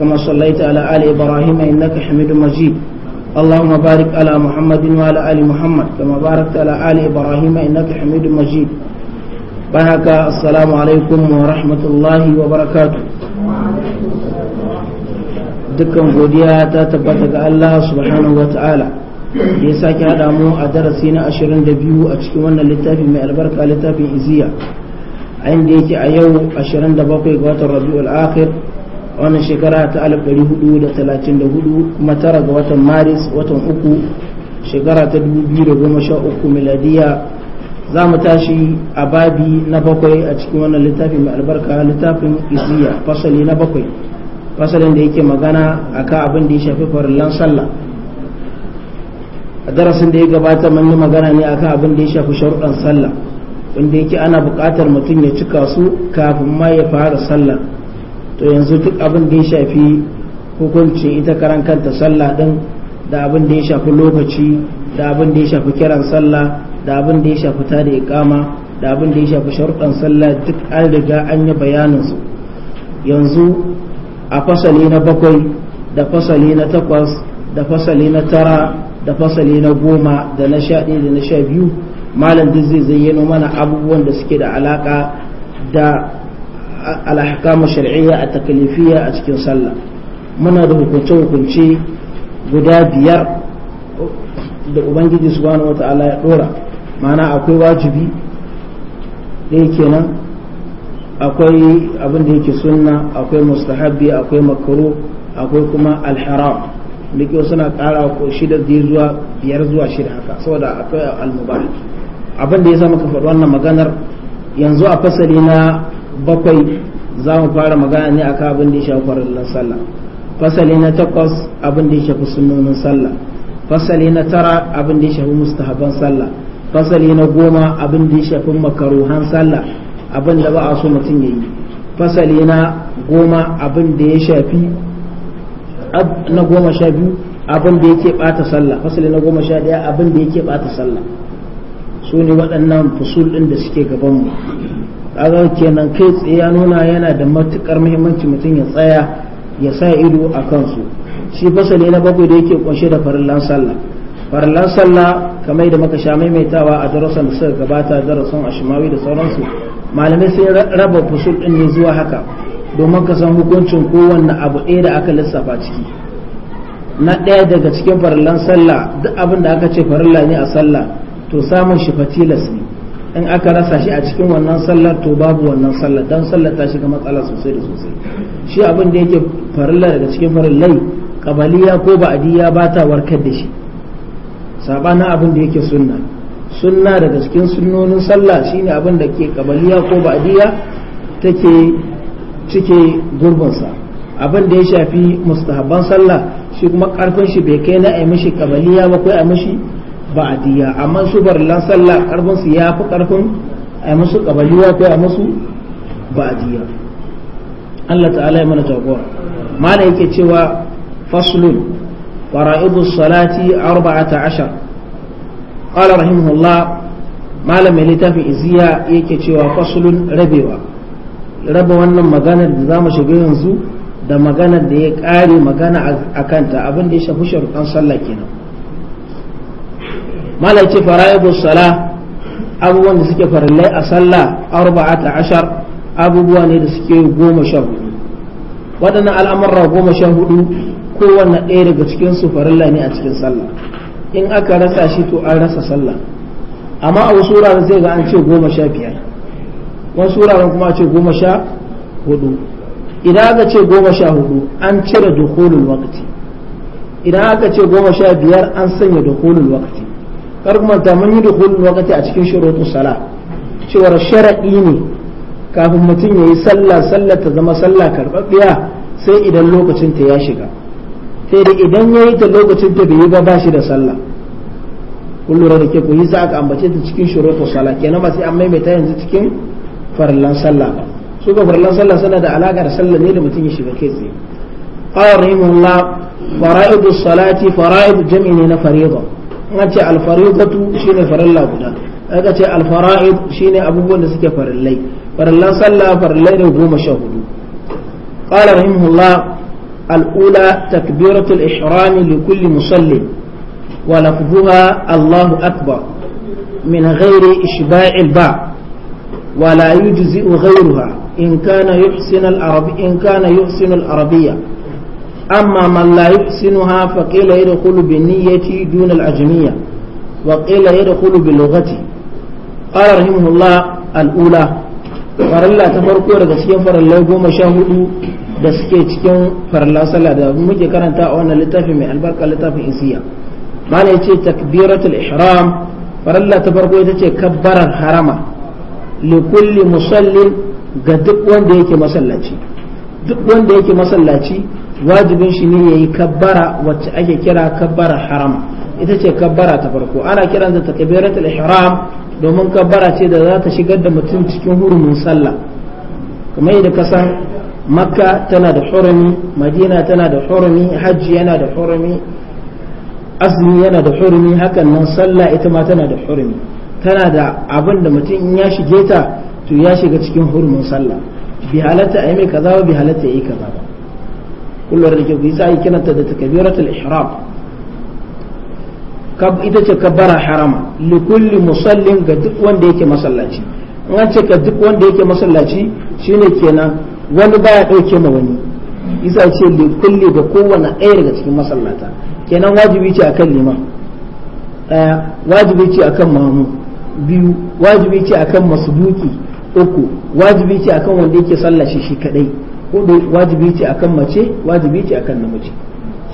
كما صليت على آل إبراهيم إنك حميد مجيد اللهم بارك على محمد وعلى آل محمد كما باركت على آل إبراهيم إنك حميد مجيد بارك السلام عليكم ورحمة الله وبركاته dukkan godiya ta tabbata ga Allah subhanahu wa ta'ala da ya sake haɗa mu a darasi na 22 a cikin wannan littafi mai albarka littafin iziya a inda yake a yau 27 ga watan rabi'ul akhir wannan shekara ta 1434 kuma tara ga watan maris watan uku shekara ta 2013 miladiya za mu tashi a babi na bakwai a cikin wannan littafi mai albarka littafin isiya fasali na bakwai fasalin da yake magana a ka abin da ya shafi farillan sallah a darasin da ya gabata mun yi magana ne a ka abin da ya shafi sharuɗan sallah wanda yake ana buƙatar mutum ya cika su kafin ma ya fara sallah to yanzu duk abin da ya shafi hukunci ita karan kanta sallah din da abin da ya shafi lokaci da abin da ya shafi kiran sallah da abin da ya shafi da ikama da abin da ya shafi sharuɗan sallah duk an riga an yi bayanin su yanzu a fasali na bakwai da fasali na takwas da fasali na tara da fasali na goma da na sha ɗaya da na sha biyu malam duk zai zayyano mana abubuwan da suke da alaƙa da al-ahkam a at-taklifiyya a cikin sallah muna da hukunce hukunce guda biyar da ubangiji subhanahu ta'ala ya dora ma'ana akwai wajibi ɗaya kenan akwai abin da yake sunna akwai mustahabbi akwai makaro akwai kuma alharam da suna ƙara ko shida zuwa biyar zuwa shida haka saboda akwai almubah abin da ya sa muka faɗi wannan maganar yanzu a fasali na bakwai za mu fara magana ne akan abin da ya shafi farallin sallah fasali na takwas abin da ya shafi sunnonin sallah fasali na tara abin da ya shafi mustahaban sallah fasali na goma abin da ya shafi makaruhan sallah abin da ba a so mutum ya yi fasali na goma abin da ya shafi na goma sha biyu abin da yake bata sallah fasali na goma sha daya abin da yake bata sallah su ne waɗannan fusul ɗin da suke gabanmu kaga kenan kai tsaye ya nuna yana da matukar muhimmanci mutum ya tsaya ya sa ido a kansu shi fasali na bakwai da yake kunshe da farillan sallah farillan sallah kamar da muka sha maimaitawa a darasan da suka gabata darasan ashimawi da sauransu malamai sai raba fusul din ne zuwa haka domin ka san hukuncin kowanne abu ɗaya da aka lissafa ciki na ɗaya daga cikin farillan sallah duk abin da aka ce farilla ne a sallah to samun shi fatilas ne in aka rasa shi a cikin wannan sallar to babu wannan sallar dan sallar ta shiga matsala sosai da sosai shi abin da yake farilla daga cikin farillai kabaliya ko ba'adiyya ba ta warkar da shi sabana abin da yake sunna sunna daga cikin sunnonin sallah shine abin da ke kabaliya ko ba'adiyya take cike gurbinsa abin da ya shafi mustahabban sallah shi kuma karfin shi bai kai na a mishi kabaliya ba ko a mishi ba'diyya amma su farillan sallah karfin su fi karfin a musu kabaliya ko a musu ba'diyya Allah ta'ala ya mana jagora mana yake cewa faslun fara'idu salati 14 qala rahimahullah malam mai littafin iziya yake cewa fasulun rabewa raba wannan maganar da za mu shiga yanzu da maganar da ya ƙare magana a kanta abin da ya shafi sharuɗan sallah kenan malam ce fara'idu sala abubuwan da suke farallai a sallah arba'ata ashar abubuwa ne da suke goma sha hudu waɗannan al'amurra goma sha hudu kowanne ɗaya daga cikin su farilla ne a cikin sallah in aka rasa shi to an rasa sallah amma a wasu wuraren zai ga an ce goma sha biyar wasu wuraren kuma a ce goma sha hudu idan aka ce goma sha hudu an cire dukulul wakati idan aka ce goma sha biyar an sanya dukulul wakati kar kuma ta mun yi dukhul waqti a cikin shurutus sala cewa sharadi ne kafin mutum ya yi sallah sallah ta zama sallah karbabbiya sai idan lokacin ta ya shiga sai da idan yayi ta lokacin ta bai ba ba shi da sallah kun lura da ke ku yi aka ambace ta cikin shurutus sala kenan ba sai an maimaita yanzu cikin farallan sallah ba su ga farallan sallah suna da alaka da sallah ne da mutum ya shiga kai tsaye قال رحمه الله فرائض الصلاة فرائض جمع na فريضة ce alfarizatu shine farilla guda aka ce alfara'id shine abubuwan da suke farillai farillan sallah farillai da goma sha hudu qala rahimahullah al'ula takbiratul ihrami li kulli musalli wa lafzuha allahu akbar min ghairi ishba'il ba wa la yujzi ghayruha in kana yuhsin al-arabi in kana yuhsin al-arabiyya amma من لا يحسنها فقيل يدخل بالنية دون العجمية وقيل يدخل باللغة قال رحمه الله farko daga cikin farillai goma sha hudu da suke cikin farilla da muke karanta a wannan littafi mai albarka littafin isiya mana ya ce takbiratul ihram farilla ta farko ita ce kabbarar harama li kulli ga duk wanda yake masallaci duk wanda yake masallaci wajibin shi ne yayi kabbara wacce ake kira kabbara haram ita ce kabbara ta farko ana kiranta takbiratul ihram domin kabbara ce da za ta shigar da mutum cikin hurumin sallah kamar yadda ka san makka tana da hurumi madina tana da hurumi hajji yana da hurumi azumi yana da hurumi hakan nan sallah ita ma tana da hurumi tana da abin da mutum in ya shige ta to ya shiga cikin hurumin sallah bi halatta a yi kaza ba bi halatta ya yi kaza ba kullum da ke kuyi sai kiranta da takbiratul ihram ita ce kabbara harama li kulli musallin ga duk wanda yake masallaci in an ce ka duk wanda yake masallaci shine kenan wani baya dauke ma wani isa ce li kulli ga kowanne ɗaya daga cikin masallata kenan wajibi ce akan liman ɗaya wajibi ce akan mamu biyu wajibi ce akan masuduki uku wajibi ce akan wanda yake sallashi shi kadai da wajibi ce akan mace wajibi ce akan namiji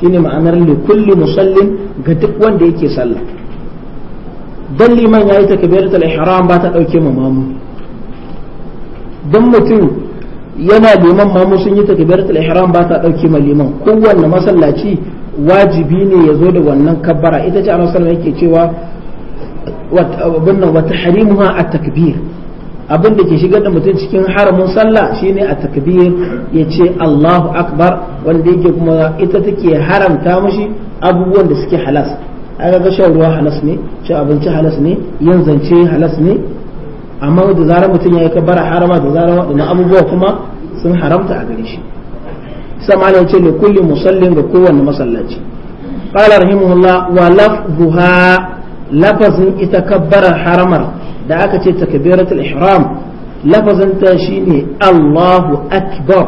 shine ma'anar li kulli musallin ga duk wanda yake sallah dan liman yayi takbiratul ihram ba ta dauke ma mamu dan mutum yana liman mamu sun yi takbiratul ihram ba ta dauke ma liman kowanne masallaci wajibi ne ya zo da wannan kabbara ita ce a sallallahu alaihi wasallam yake cewa wa tahrimuha a takbir abin da ke shigar da mutum cikin haramin sallah shine a takbir ya ce Allahu akbar wanda yake kuma ita take haramta mashi abubuwan da suke halas aka ga shan ruwa halas ne shan abinci halas ne yin zance halas ne amma da zarar mutum ya yi kabara harama da zarar waɗannan abubuwa kuma sun haramta a gare shi sama ne ce ne kulli musallin ga kowanne masallaci qala rahimahullah wa lafzuha lafazin ita kabbarar haramar da aka ce takbiratul ihram lafazanta shine Allahu akbar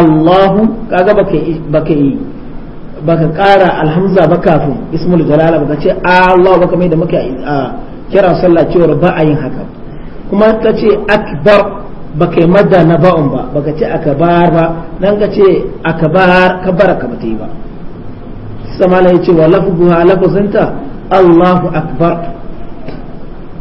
Allahu kaga baka baka yi baka ƙara alhamza ba kafin ismul jalala baka ce Allah baka mai da muka a kira sallah cewar ba a yin haka kuma ka ce akbar baka yi madda na ba'un ba baka ce akabar ba nan ka ce akabar kabara ka bata yi ba sama ya ce wa lafzuha lafzinta Allahu akbar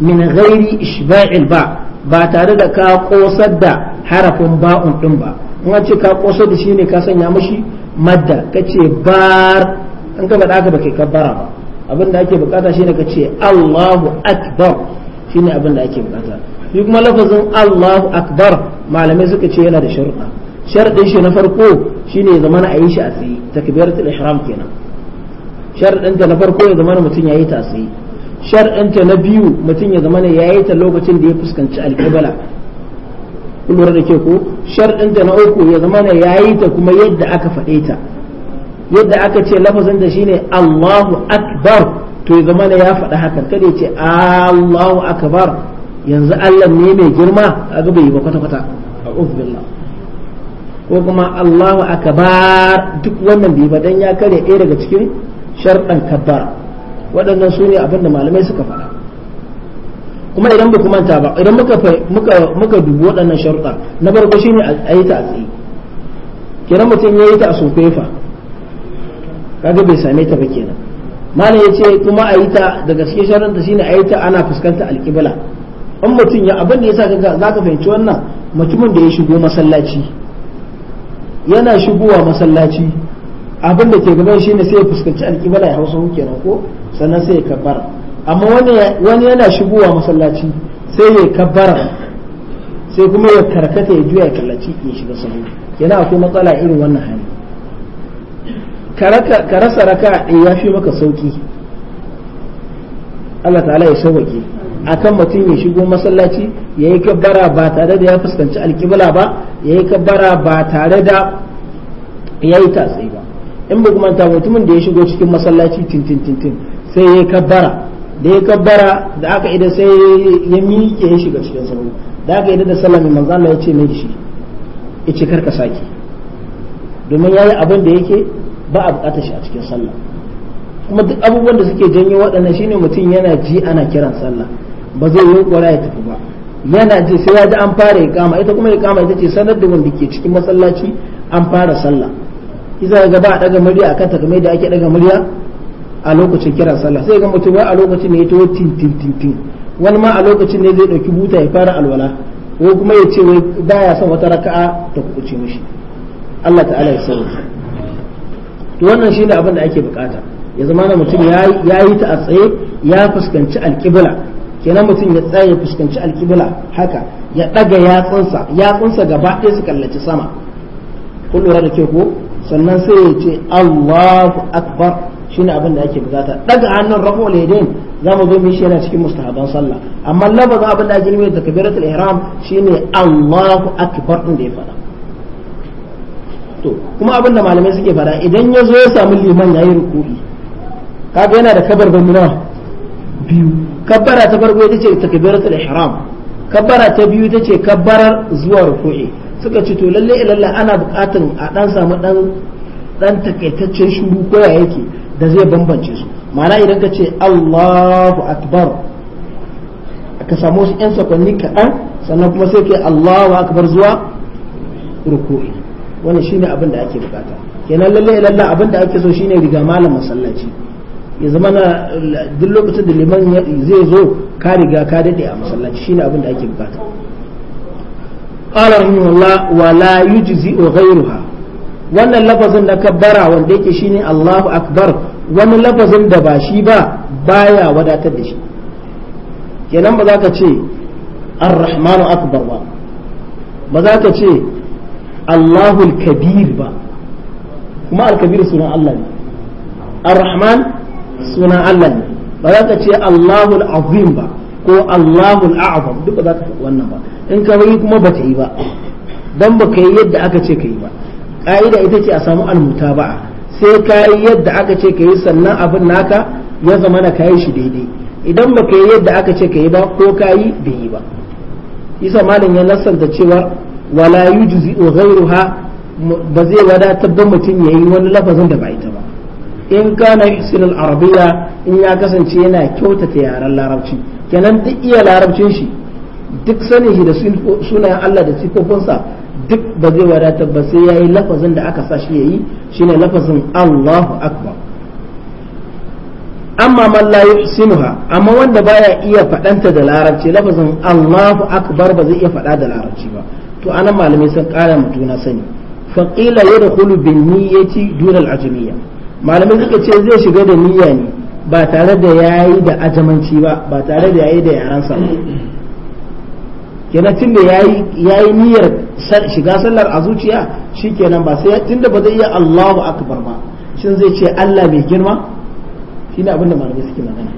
min ghairi ishba'il ba ba tare da ka kosar da harafin ba'un din ba in an ce ka kosar da shine ka sanya mashi madda kace bar in ka faɗa ka ba kai kabbara ba abin da ake bukata shine ka ce Allahu akbar shine abin da ake bukata shi kuma lafazin Allahu akbar malamai suka ce yana da sharuɗa sharuɗin shi na farko shine zama a yi shi a tsaye takbiratul ihram kenan sharuɗin da na farko ya zamana mutum yayi ta tsaye shar'inta na biyu mutum ya zama ne ya yi ta lokacin da ya fuskanci alƙibla kun lura da ke ko shar'inta na uku ya zama ne ya yi ta kuma yadda aka faɗe ta yadda aka ce lafazin da shine Allahu akbar to ya zama ne ya faɗa hakan kada ya ce Allahu akbar yanzu Allah ne mai girma a bai yi ba kwata kwata a billah ko kuma Allahu akbar duk wannan bai dan ya karya ɗaya daga cikin sharɗan kabar waɗannan su ne abinda malamai suka faɗa kuma idan ba manta ba idan muka dubi waɗannan sharuɗa na farko shine a yi ta a tsaye kiran mutum ya yi ta a sofefa kaga bai same ta ba kenan malam ya ce kuma a yi ta daga cikin shi ne a yi ta ana fuskantar alƙibla in mutum ya abin da ya sa ka za ka fahimci wannan mutumin da ya shigo masallaci yana shigowa masallaci abin da ke gaban shi ne sai ya fuskanci alƙibla ya hausa hukin ko sannan sai ya kabbara amma wani yana shigowa masallaci sai ya kabbara sai kuma ya karkata ya juya ya kallaci ya shiga sahu yana akwai matsala irin wannan hali ka rasa raka ɗaya ya fi maka sauki Allah ta'ala ya sauwake akan mutum ya shigo masallaci ya yi kabbara ba tare da ya fuskanci alkibla ba ya yi kabbara ba tare da ya yi tatsi ba in ba kuma mutumin da ya shigo cikin masallaci tintin tintin sai ya kabbara da ya kabbara da aka ida sai ya miƙe ya shiga cikin sauri da aka ida da sallami manzo Allah ya ce mai shi ya ce karka saki domin yayi abin da yake ba a bukata shi a cikin sallah kuma duk abubuwan da suke janyo waɗannan shine mutum yana ji ana kiran sallah ba zai yi kwara ya tafi ba yana ji sai ya ji an fara ya kama ita kuma ya kama ita ce sanar da wanda ke cikin masallaci an fara sallah iza ga ba a daga murya akan ta kamar da ake daga murya a lokacin kiran sallah sai ga mutum wai a lokacin ne ya tawo tin tin tin tin wani ma a lokacin ne zai dauki buta ya fara alwala ko kuma ya ce wai baya son wata raka'a ta kuce mishi Allah ta'ala ya sani to wannan shine abin da ake bukata ya zama na mutum ya yi ta a tsaye ya fuskanci alkibla kenan mutum ya tsaye ya fuskanci alkibla haka ya daga yatsunsa yatsunsa gaba ɗaya su kallaci sama kun lura da ke ko sannan sai ya ce Allahu akbar ne abin da ake bukata daga hannun rafo laidin za mu zo mu shi yana cikin mustahaban sallah amma laba abin da ake nufi da kabiratul ihram ne Allahu akbar din da ya faɗa to kuma abin da malamai suke faɗa idan ya zo ya samu liman ya yi rukuri kaga yana da kabar nuna biyu kabbara ta farko ita ce takbiratul ihram kabbara ta biyu ita ce kabbarar zuwa rukuri suka ce to lalle ilalla ana bukatun a dan samu dan dan takaitaccen shuru ko ya yake da zai bambance su ma'ana idan ka ce Allahu akbar ka samu wasu 'yan sakonni kaɗan sannan kuma sai ke Allahu akbar zuwa ruku'i wannan shine abin da ake bukata kenan lalle ilalla abin da ake so shine riga malam masallaci ya zama na duk lokacin da liman zai zo ka riga ka dade a masallaci shine abin da ake bukata qala rahimahullah wa la yujzi'u ghayruha wannan lafazin na kabbara wanda yake shine Allahu akbar wani lafazin da ba shi ba baya wadatar da shi kenan ba za ka ce ar-rahmanu akbar ba ba za ka ce Allahu al ba kuma al-kabir ba za ka ce ba ko Allahul a'zam duk ba za ka wannan ba in ka yi kuma ba ka yi ba dan ba ka yi yadda aka ce ka yi ba ka'ida ita ce a samu almutaba'a sai ka yi yadda aka ce ka yi sannan abin naka ya zama na ka yi shi daidai idan ba ka yi yadda aka ce ka yi ba ko ka yi bai yi ba isa malam ya nasanta cewa wala yujzi'u ghayruha ba zai wadatar da mutum ya yi wani lafazin da ba ita ba in kana yusin al-arabiyya in ya kasance yana kyautata yaren larabci kenan duk iya larabcin shi duk sanin shi da sunayen Allah da sifofinsa duk ba zai wadatar ba sai yayi lafazin da aka sa shi yayi shine lafazin Allahu akbar amma man la yuhsinuha amma wanda baya iya fadanta da larabci lafazin Allahu akbar ba zai iya fada da larabci ba to anan malamai sun kara mutuna sani fa qila yadkhulu bin niyyati dun al ajmiyya malamai suka ce zai shiga da niyya ne ba tare da ya yi da ajamanci ba ba tare da ya yi da yaransa ba kenan tun da yi niyyar shiga sallar a zuciya shi kenan ba sai tunda ba zai iya Allahu akbar ba shin zai ce Allah mai girma shi ne abinda malamai suke magana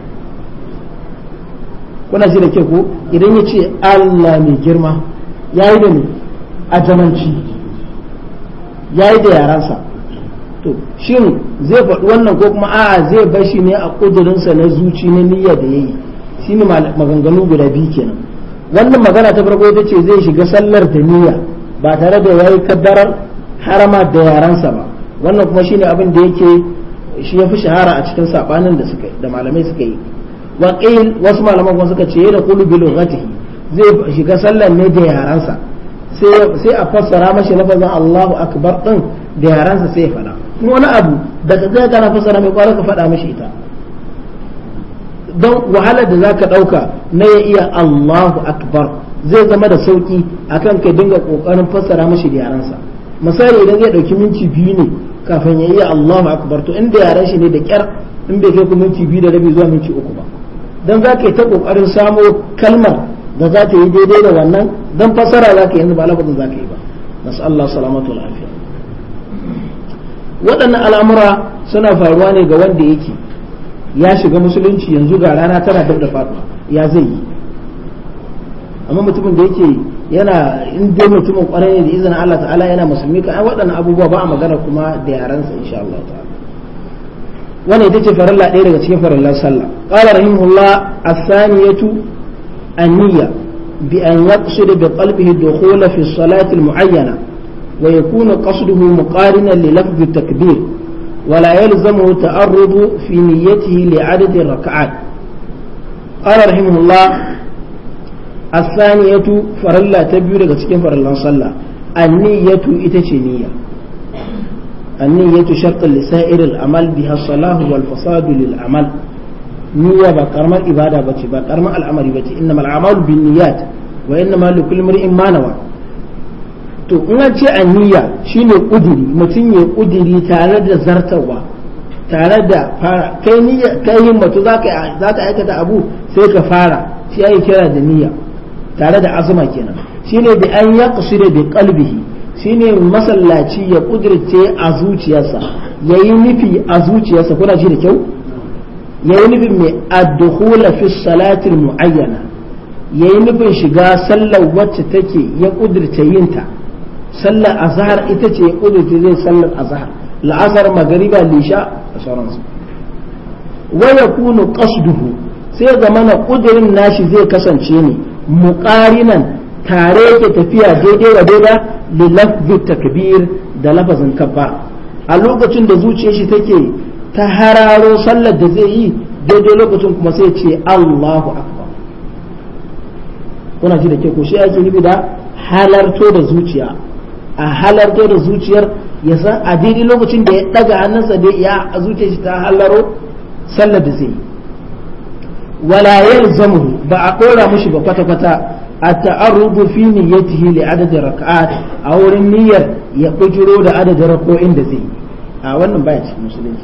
kuna ji da ke ko idan ya ce Allah mai girma ya yi da ne ajamanci yi da yaransa to shin zai faɗi wannan ko kuma a'a zai shi ne a ƙudurinsa na zuci na niyya da ya yayi shine maganganu guda biyu kenan wannan magana ta farko ita ce zai shiga sallar da niyya ba tare da yi kaddarar harama da yaransa ba wannan kuma shine abin da yake shi ya fi shahara a cikin saɓanin da suka da malamai suka yi wa wasu malaman kuma suka ce da kulu bi lughatihi zai shiga sallar ne da yaransa sai a fassara mashi lafazin Allahu akbar ɗin da yaransa sai ya fada wani abu da ka zai kana fassara mai kwara ka faɗa mashi ita don wahalar da za ka ɗauka na ya iya Allahu akbar zai zama da sauƙi a kan ka dinga kokarin fassara mashi da yaransa misali idan zai ɗauki minti biyu ne kafin ya iya Allahu akbar to inda yaren shi ne da kyar in bai kai ku minti biyu da rabi zuwa minti uku ba don za ka yi ta kokarin samo kalmar da za ta yi daidai da wannan don fassara za ka yi ba lafazin za ka yi ba Allah salamatu waɗannan al'amura suna faruwa ne ga wanda yake ya shiga musulunci yanzu ga rana tana dab da faɗuwa ya zai yi amma mutumin da yake yana in dai mutumin kwarai ne da izinin Allah ta'ala yana musulmi ka ai waɗannan abubuwa ba a magana kuma da yaransa insha Allah ta'ala wannan ita ce farilla ɗaya daga cikin farillan sallah qala rahimahullah as-saniyatu an-niyya bi an yaqsid bi qalbihi dukhula fi salati al-mu'ayyana ويكون قصده مقارنا للفظ التكبير ولا يلزمه تعرض في نيته لعدد الركعات قال رحمه الله الثانية فرلا تبيو لك سكين فرلا صلى النية إتشنية النية شرط لسائر العمل بها الصلاة والفساد للعمل نية بكرم الإبادة بتي بكرم العمل بتي إنما العمل بالنيات وإنما لكل امرئ ما نوى to in an ce aniya shine kuduri mutum ya kuduri tare da zartawa tare da fara kai niyya kai himmatu zaka zaka aikata abu sai ka fara shi ake kira da niyya tare da azuma kenan shine da an yaqsida bi qalbihi shine masallaci ya kudirce a zuciyarsa yayi nufi a zuciyarsa kuna ji da kyau yayi nufin mai ad-dukhula fi salati muayyana yayi nufin shiga sallar wacce take ya kudirce yinta sallar azhar ita ce ya kudurta zai sallar azhar la'asar magariba lisha da sauransu wa yakunu qasduhu sai ya zamana kudirin nashi zai kasance ne muqarinan tare yake tafiya daidai wa daida lilafzi takbir da lafazin kabba a lokacin da zuciyar shi take ta hararo sallar da zai yi daidai lokacin kuma sai ce Allahu akbar kuna ji da ke ko shi ake nufi da halarto da zuciya a halarto da zuciyar ya san a daidai lokacin da ya daga hannunsa da ya a zuciyar shi ta halaro sallar da zai yi wala yalzamu ba a kora mushi ba kwata kwata a ta'arrudu fi niyyatihi li adadin rak'at a wurin niyyar ya kujiro da adadin rako'in da zai yi a wannan baya cikin musulunci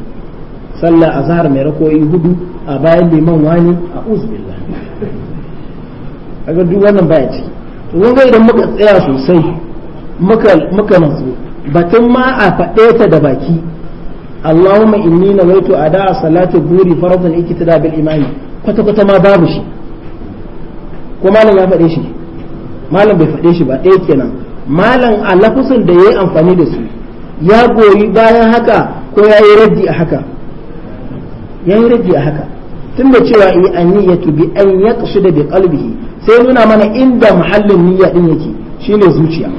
sallar azhar mai rako'i hudu a bayan liman wani a uzbillah kaga duk wannan baya ciki to kun ga idan muka tsaya sosai muka batun ma a faɗe ta da baki Allahumma inni a da'a salatu buri faradan ikitida bil imani kwata kwata ma babu shi ko malam ya faɗe shi malam bai faɗe shi ba ɗaya kenan malam a lafusin da ya yi amfani da su ya goyi bayan haka ko ya yi raddi a haka ya yi raddi a haka tunda cewa yi an niyyatu bi an da bi kalbihi sai nuna mana inda muhallin niyya din yake shine zuciya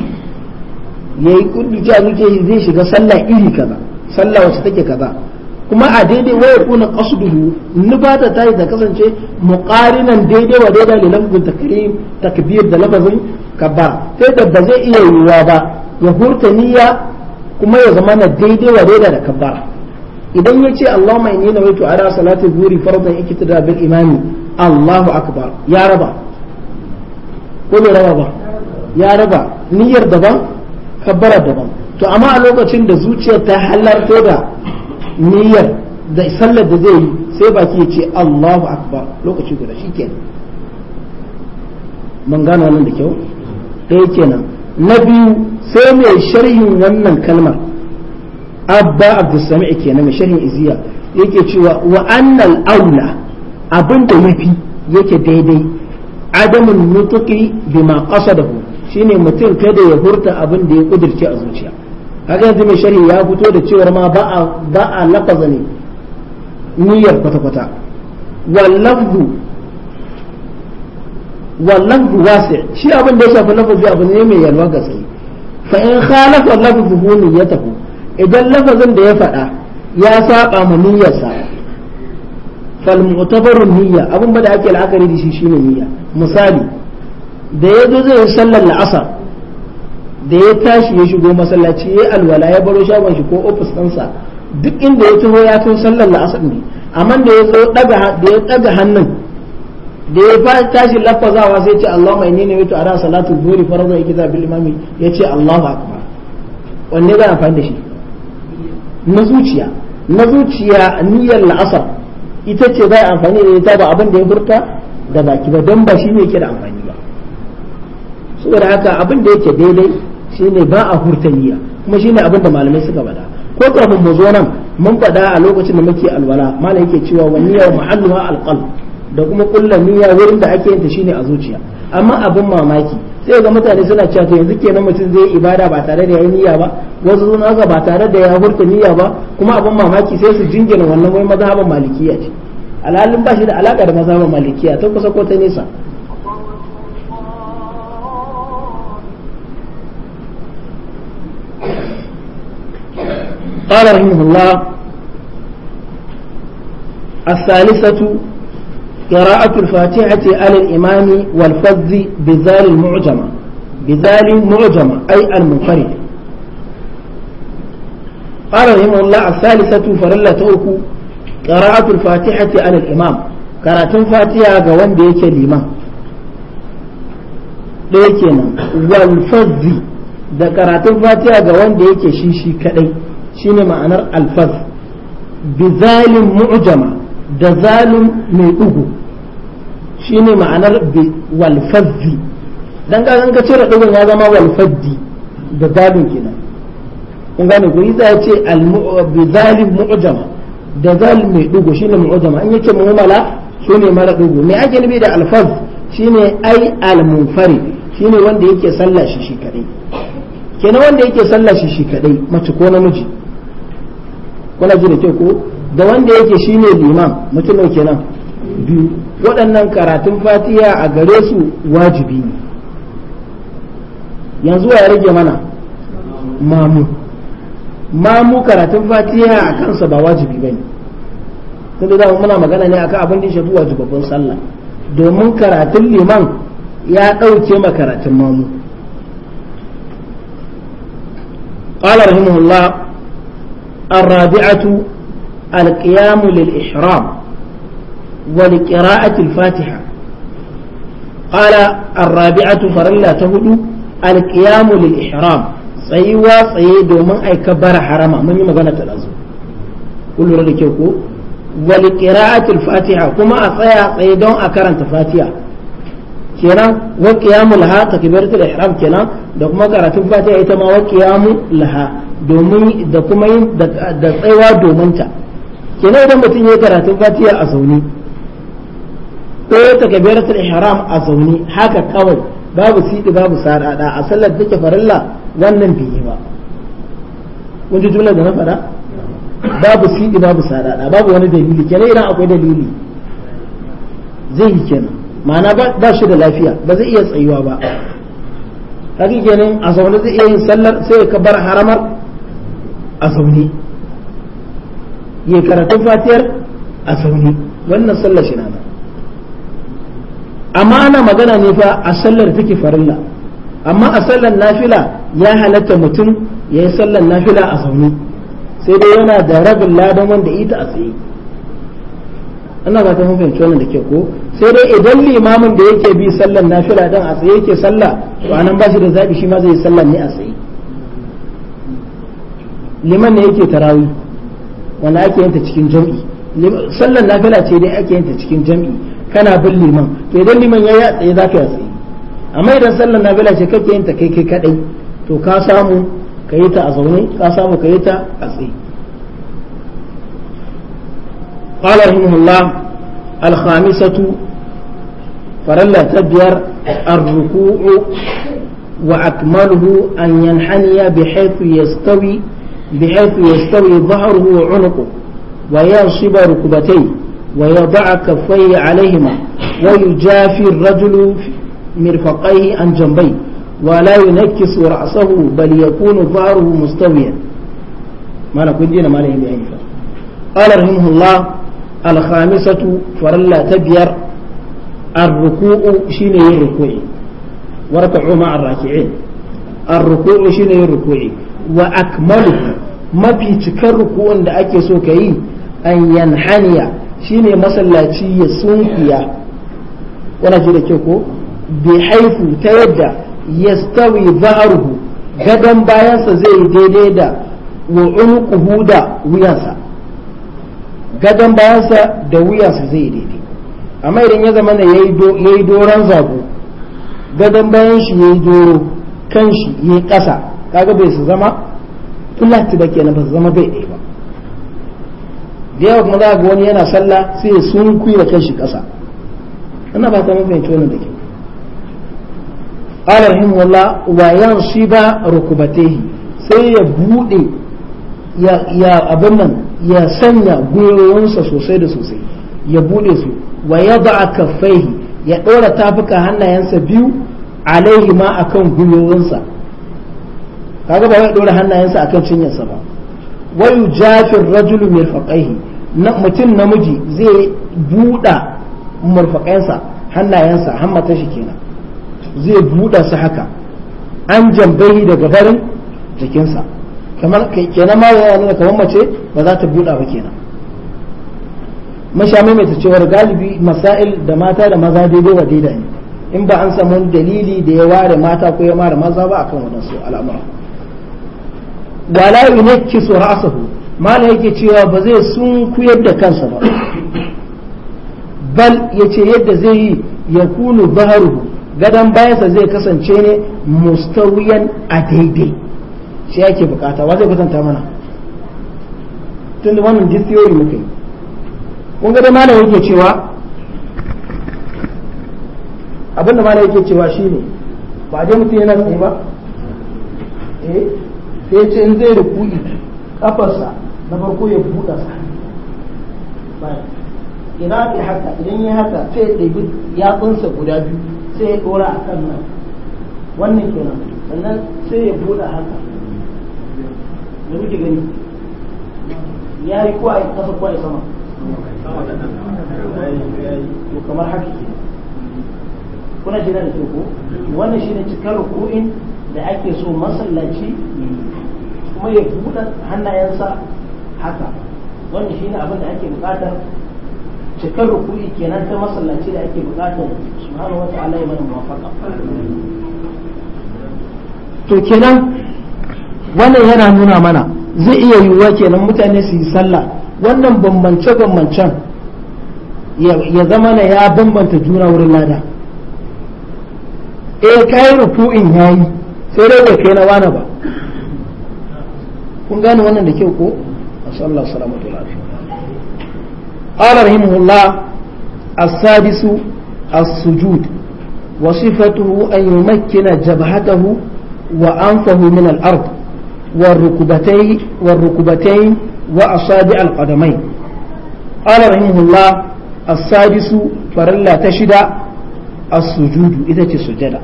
ya yi a cewa muke zai shiga sallah iri kaza sallah wacce take kaza kuma a daidai wayar kuna qasduhu nubata ta yi ta kasance muƙarinan daidai wa daidai da lafazin takrim takbir da lafazin kaba sai da ba zai iya yiwuwa ba ya hurta niyya kuma ya zama na daidai wa daidai da kaba idan ya ce Allahumma inni nawaitu ala salati zuhri fardan iktida bil imami Allahu akbar ya raba ko bai raba ba ya raba niyyar daban kabbara daban to amma a lokacin da zuciyar ta halarto da niyyar da sallar da zai yi sai baki ya ce Allahu akbar lokaci guda shikenan mun gano nan da kyau ɗaya kenan na biyu sai mai sharhin wannan kalmar abba abdulsami kenan mai sharhin iziya yake cewa wa annal aula abin da yafi yake daidai adamun nutuki bima qasadahu shine mutum kada ya hurta abin da ya kudirce a zuciya haka yanzu mai sharhi ya fito da cewar ma ba a ba a lafaza ne niyyar kwata kwata wallafdu wallafdu wasi shi abin da ya shafi lafazi abu ne mai yalwa ga sai fa in khalafa lafzuhu niyyatahu idan lafazin da ya faɗa ya saba ma niyyarsa fal mu'tabaru niyya abin ba da ake la'akari da shi shine niyya misali da ya zo zai sallar la'asar da ya tashi ya shigo masallaci ya alwala ya baro shagon shi ko ofis ɗansa duk inda ya taho ya taho sallar la'asar ne amma da ya zo da ya ɗaga hannun da ya tashi lafazawa sai ce Allah mai ne wato ara salatu buri farza yake za bil imami ya ce Allahu akbar wanne zai amfani da shi na zuciya na zuciya niyyar la'asar ita ce za amfani da ita ba abin da ya furta da baki ba don ba shi ne ke da amfani saboda haka abin da yake daidai shine ba a hurtaniya kuma shine abin da malamai suka bada ko kafin mu zo nan mun faɗa a lokacin da muke alwala malam ke cewa wa niyya mahalluha alƙal da kuma kulla niyya wurin da ake yin ta shine a zuciya amma abin mamaki sai ga mutane suna cewa to yanzu kenan mutum zai ibada ba tare da yayi niyya ba wasu sun haka ba tare da ya hurta niyya ba kuma abin mamaki sai su jingina wannan wai mazhaban malikiya ce alhalin ba shi da alaka da mazhaban malikiya ta kusa ko ta nesa قال رحمه الله الثالثة قراءة الفاتحة على الإمام والفذ بذال المعجمة بذال معجمة أي المنفرد قال رحمه الله الثالثة فرلا توكو قراءة الفاتحة على الإمام قراءة الفاتحة قوان ديك الإمام ديكنا والفذ da karatun fatiha ga wanda yake shi shi kadai shine ma'anar alfaz bi zalim mu'jama da zalim mai dugu shine ma'anar bi walfazzi dan ka ga cire dugun ya zama walfaddi da zalim kenan kun gane ko iza ya ce bi zalim mu'jama da zalim mai dugu shine mu'jama in yake mu'mala shine mara dugu me ake nufi da alfaz shine ai al munfari shine wanda yake sallah shi shi kadai kenan wanda yake sallah shi shi kadai mace ko namiji kuna ji da kyau ko da wanda yake shine liman mutum ne kenan biyu waɗannan karatun fatiha a gare su wajibi ne yanzu ya rage mana mamu mamu karatun fatiya a kansa ba wajibi ba ne tunda za muna magana ne akan abin da ya shafi wajibabban sallah domin karatun liman ya ɗauke ma karatun mamu قال رحمه الله الرابعة القيام للإحرام ولقراءة الفاتحة قال الرابعة فرلا تهدو القيام للإحرام tsayuwa tsaye domin ai kabbara harama mun yi magana ta dazu da kyau ko wal qira'atul fatiha kuma a tsaya tsaye don a karanta fatiha kenan wa qiyamu laha takbiratul ihram kenan da kuma karatun fatiha ita ma wa qiyamu laha domin da kuma yin da tsaiwa domin ta kenan idan mutum ya karatun fatiha a zaune ko takbiratul ihram a zaune haka kawai babu sidi babu sarada a sallar take farilla wannan bai yi ba kun ji jumlar da na fada babu sidi babu sarada babu wani dalili kenan idan akwai dalili zai yi kenan ma'ana ba shi da lafiya ba zai iya tsayuwa ba haka kenan a zaune zai iya yin sallar sai ka bar haramar a zaune ya karatu fatiyar a zaune wannan sallar shi nana amma ana magana ne fa a sallar take farilla amma a sallar nafila ya halatta mutum ya yi sallar nafila a zaune sai dai yana da rabin ladan wanda ita a tsaye Allah ba ta mun fahimci wannan da ke ko sai dai idan limamin da yake bi sallan nafila dan a tsaye yake sallah to anan ba shi da zabi shi ma zai yi sallan ne a tsaye liman ne yake tarawi wanda ake yin ta cikin jam'i sallan nafila ce dai ake yin ta cikin jam'i kana bin liman to idan liman ya tsaye za ka yi tsaye amma idan sallan nafila ce kake yin ta kai kai kadai to ka samu ka yi ta a zaune ka samu ka yi ta a tsaye قال رحمه الله الخامسة فرلا تبير الركوع وأكمله أن ينحني بحيث يستوي بحيث يستوي ظهره وعنقه وينصب ركبتيه ويضع كفيه عليهما ويجافي الرجل مرفقيه عن جنبيه ولا ينكس رأسه بل يكون ظهره مستويا ما نقول دينا ما عليه قال رحمه الله alhamisatu farilla ta biyar arruku'u shine yin ruku'i warka'u ma arraki'in arruku'u shine yin ruku'i wa akmalu mafi cikar ruku'un da ake so ka yi an yanhaniya shine masallaci ya sunkuya wana ji da ke ko bi haifu ta yadda yastawi za'aruhu gadon bayansa zai daidai da wa unquhu da wuyansa gadon bayansa da wuyansa zai daidai amma idan ya zama ya yi doron zago gadon bayan shi ya yi doro kan shi ya yi ƙasa kaga bai su zama flat ba kenan ba su zama bai ɗaya ba da yawa kuma za ga wani yana sallah sai ya sun kuya kan shi ƙasa ina ba ta mafi tona da ke ƙara rahimullah wa shi ba rukubatehi sai ya buɗe ya abin nan ya sanya gwiwoyinsa sosai da sosai ya bude su wa ya ba'a kafai ya ɗora tafuka hannayensa biyu alaihi ma akan gwiwoyinsa kaga ba wai ɗora hannayensa akan cinyarsa ba wayu jafin rajulu mai na mutum namiji zai buɗa murfaƙensa hannayensa hammata shi kenan zai buɗa su haka an jambayi daga barin jikinsa kamar kenan ma ya nuna kamar mace ba za ta buɗa ba kenan mai ta cewar galibi masail da mata da maza daidai wa daidai ne in ba an samu dalili da ya ware mata ko ya ware maza ba akan waɗansu al'amura wala yunakkisu ra'sahu mala yake cewa ba zai sunkuyar da kansa ba bal yace yadda zai yi ya kunu baharu gadon bayansa zai kasance ne mustawiyan a daidai shi yake bukata wa zai kwatanta mana tun da wannan jistiyoyi muke yi kun ga da mana yake cewa abin da malam yake cewa shi ne ba dai mutum yana tsaye ba eh sai ce in zai ruku'i kafarsa na farko ya buɗa sa ina ta haka idan ya haka sai ya ɗebi yatsunsa guda biyu sai ya ɗora a kan nan wannan kenan sannan sai ya buɗa haka da muke gani ya yi kuwa a yi kasa ko a yi sama to kamar haka ke kuna jira da ko wannan ne cikar ruku'in da ake so masallaci kuma ya buɗa hannayensa haka wannan ne abin da ake buƙatar cikar ruku'i kenan ta masallaci da ake buƙatar su wa wata ya mana mafaka to kenan wannan yana nuna mana zai iya yiwuwa kenan mutane su yi sallah wannan bambance bambancen ya zama na ya bambanta juna wurin lada eh kai ruku'in yayi sai dai bai kai na wani ba kun gane wannan da kyau ko sallallahu salamatu lafiya qala rahimahullah as-sadis as-sujud wa sifatuhu an yumakkina jabhatahu wa anfahu min al والركبتين والركبتين وأصابع القدمين قال رحمه الله السادس فرلا تشد السجود إذا تسجد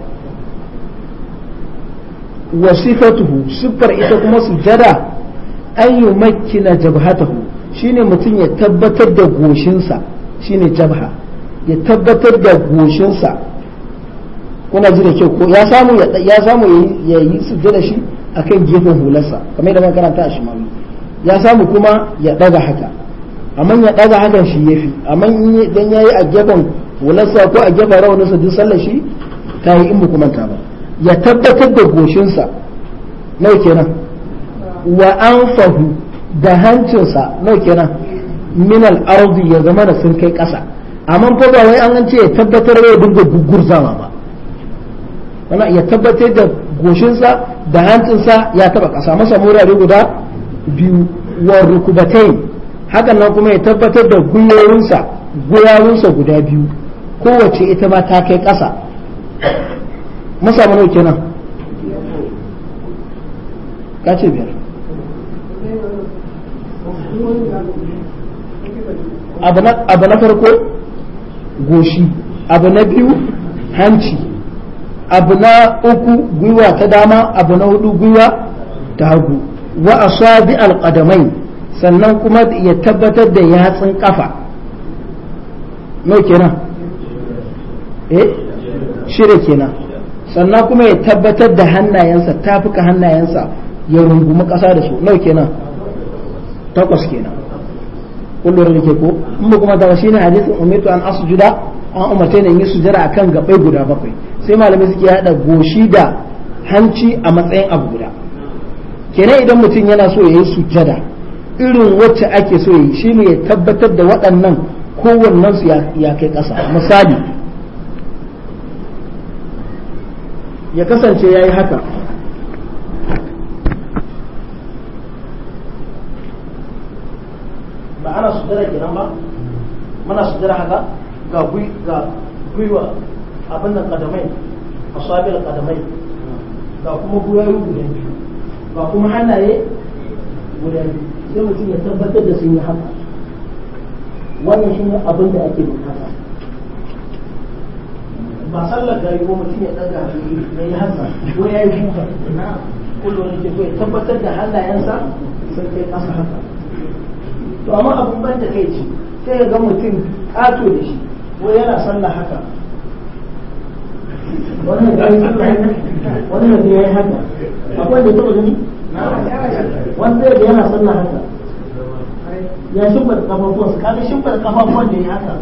وصفته سفر إذا كما سجد أن يمكن جبهته shine mutum ya tabbatar da goshinsa shine jabha ya tabbatar da goshinsa kuna ji da kyau ko ya samu ya samu ya yi shi akan gefen hularsa kamar da karanta a shimawi ya samu kuma ya ɗaga haka amma ya ɗaga hakan shi yafi amma ya yayi a gefen hularsa ko a gefen rawaninsa duk sallar shi ta yi in mu ba ya tabbatar da goshinsa nau kenan wa anfahu da hancinsa nau kenan min ardi ya zama da sun kai kasa amma fa ba wai an ce ya tabbatar da ya dinga gugurzawa ba wannan ya tabbatar da goshinsa da hancinsa ya taba ƙasa masa murare guda biyu wa rukubatai hakan nan kuma ya tabbatar da gwiwarinsa gwiwarinsa guda biyu kowace ita ma ta kai ƙasa masa mana kenan ka ce biyar abu na farko goshi abu na biyu hanci abu na uku gwiwa ta dama abu na hudu gwiwa ta hagu wa sabi alƙadamai sannan kuma ya tabbatar da yatsun kafa no kenan eh shida kenan sannan kuma ya tabbatar da hannayensa tafuka hannayensa ya rungumi ƙasa da su nau kenan takwas kenan kullum da ke ko in kuma ta shi ne hadisin umirtu an asjuda an umarta ne in yi a akan gabai guda bakwai sai malamai suke hada goshi da hanci a matsayin abu guda kenan idan mutum yana so ya yi sujjada irin wacce ake so ya yi shine ya tabbatar da waɗannan kowannen su ya kai ƙasa misali ya kasance ya yi haka ba ana dara kenan ba mana dara haka ga gwiwa abin nan kadamai asabi kadamai ga kuma guyoyi guda biyu ga kuma hannaye guda biyu sai mutum ya tabbatar da sun yi haka wannan shi ne abin da ake bukata ba sallar gari ko mutum ya daga ya yi haka ko ya yi kuka na kullum ne ke ya tabbatar da hannayensa sun kai kasa haka to amma abin ban da kai ce sai ya ga mutum kato da shi ko yana sallah haka wannan da ya haka wannan da ya haka akwai da taɓa gani wanda da yana sallah haka ya shimfar kafafuwan su kaga shimfar kafafuwan da ya yi haka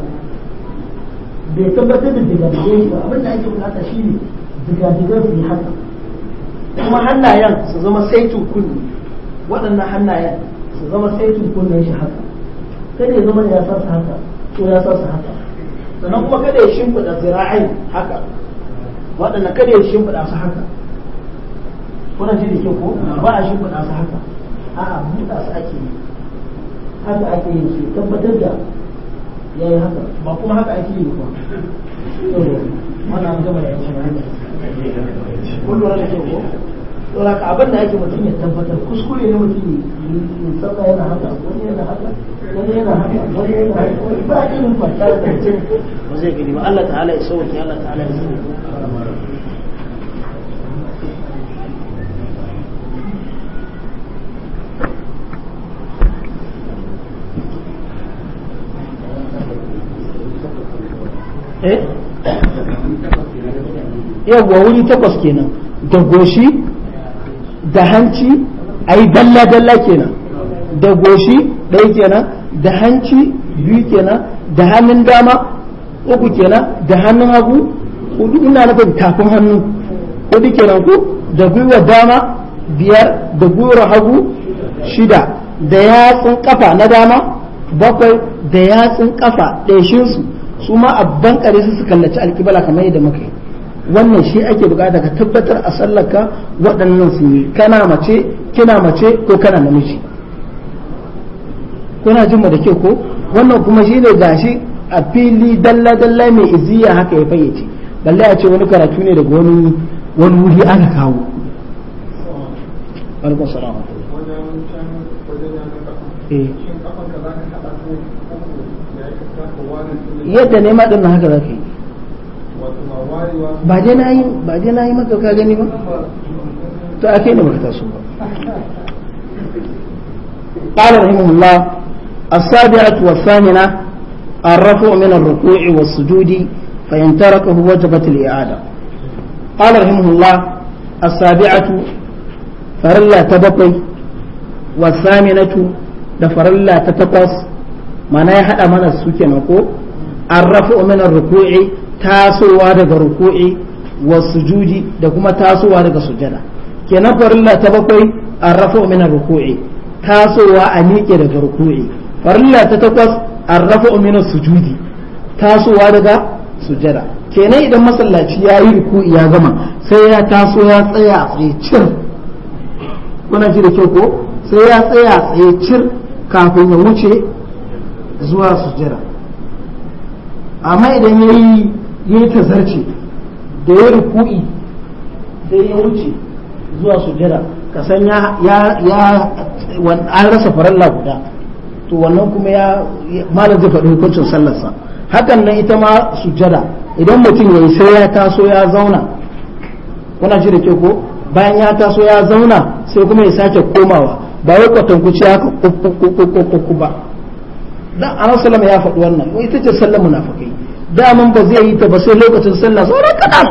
bai tabbatar da digadigai ba abin da ake bukata shi ne digadigai su yi haka kuma hannayen su zama saitin kullu waɗannan hannayen su zama saitin kullun shi haka kada ya zama ya sa su haka ko ya sa su haka sannan kuma kada ya shimfida zira'ai haka waɗanda kada ya shimfiɗa su haka kuna ji da kyau ko ba a shimfiɗa su haka a'a buɗa su ake yi haka ake yin su tabbatar da ya yi haka ba kuma haka ake yi ba wannan gama da ba ne kullum da kyau ko lura ka abin da ake mutum ya tabbatar kuskure ne mutum ya yana haka wani yana haka wani yana haka wani yana haka wani ba a irin fata da ba zai gani ba Allah ta'ala ya sauke Allah ta'ala ya sauke eh yawwa wuri takwas kenan da goshi da hanci a yi dalla-dalla kenan da goshi ɗaya kenan da hanci biyu kenan da hannun dama uku kenan da hannun hagu hudu ina nufin tafin hannu hudu kenan ku da gwiwar dama biyar da gwiwar hagu shida da yatsun kafa na dama bakwai da yatsun kafa ɗaya shinsu. su ma a bankare su su kallaci alkibala kamar yadda muka yi wannan shi ake bukata ka tabbatar a sallaka waɗannan su yi kana mace kina mace ko kana namiji kuna jin da ke ko wannan kuma shi ne gashi a fili dalla dalla mai iziya haka ya fayyace balle a ce wani karatu ne daga wani wani wuri aka kawo yadda ne ma na haka zaka yi ba je na yi ba je na yi maka ka gani ba to ake ne baka taso ba قال رحمه الله السابعة والثامنة الرفع من الركوع والسجود فإن تركه وجبت الإعادة قال رحمه الله السابعة فرلا تبقي والثامنة da farilla ta takwas mana ya haɗa mana su kenan ko arrafu min ruku'i tasowa daga ruku'i wa sujudi da kuma tasowa daga sujada kenan farilla ta bakwai arrafu min ruku'i tasowa a miƙe daga ruku'i farilla ta takwas arrafu min sujudi tasowa daga sujada kenan idan masallaci ya yi ruku'i ya gama sai ya taso ya tsaya a tsaye cir kuna ji da kyau ko sai ya tsaya a tsaye cir kafin ya wuce zuwa sujada amma idan ya yi ya yi tazarce da ya ruku'i da ya wuce zuwa sujada ka san ya ya an rasa faralla guda to wannan kuma ya malam zai faɗi hukuncin sallarsa hakan nan ita ma sujada idan mutum ya yi sai ya taso ya zauna kuna ji da ke ko bayan ya taso ya zauna sai kuma ya sake komawa ba wai kwatankuci haka ba da anan sallama ya faɗi wannan wai ita ce sallan munafikai daman ba zai yi ta ba sai lokacin sallah saura kaɗan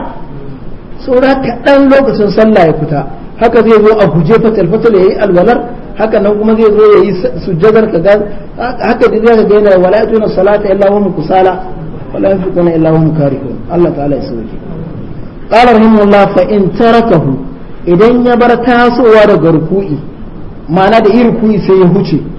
saura kaɗan lokacin sallah ya fita haka zai zo a guje fatal fatal ya yi alwalar haka nan kuma zai zo ya yi sujjadar ka haka da zai ga yana wala yatuna salata illa wa kusala wala yafikuna illa wa karihun Allah ta'ala ya sauke qala rahimahullah fa in tarakahu idan ya bar tasowa daga ruku'i ma'ana da yi sai ya huce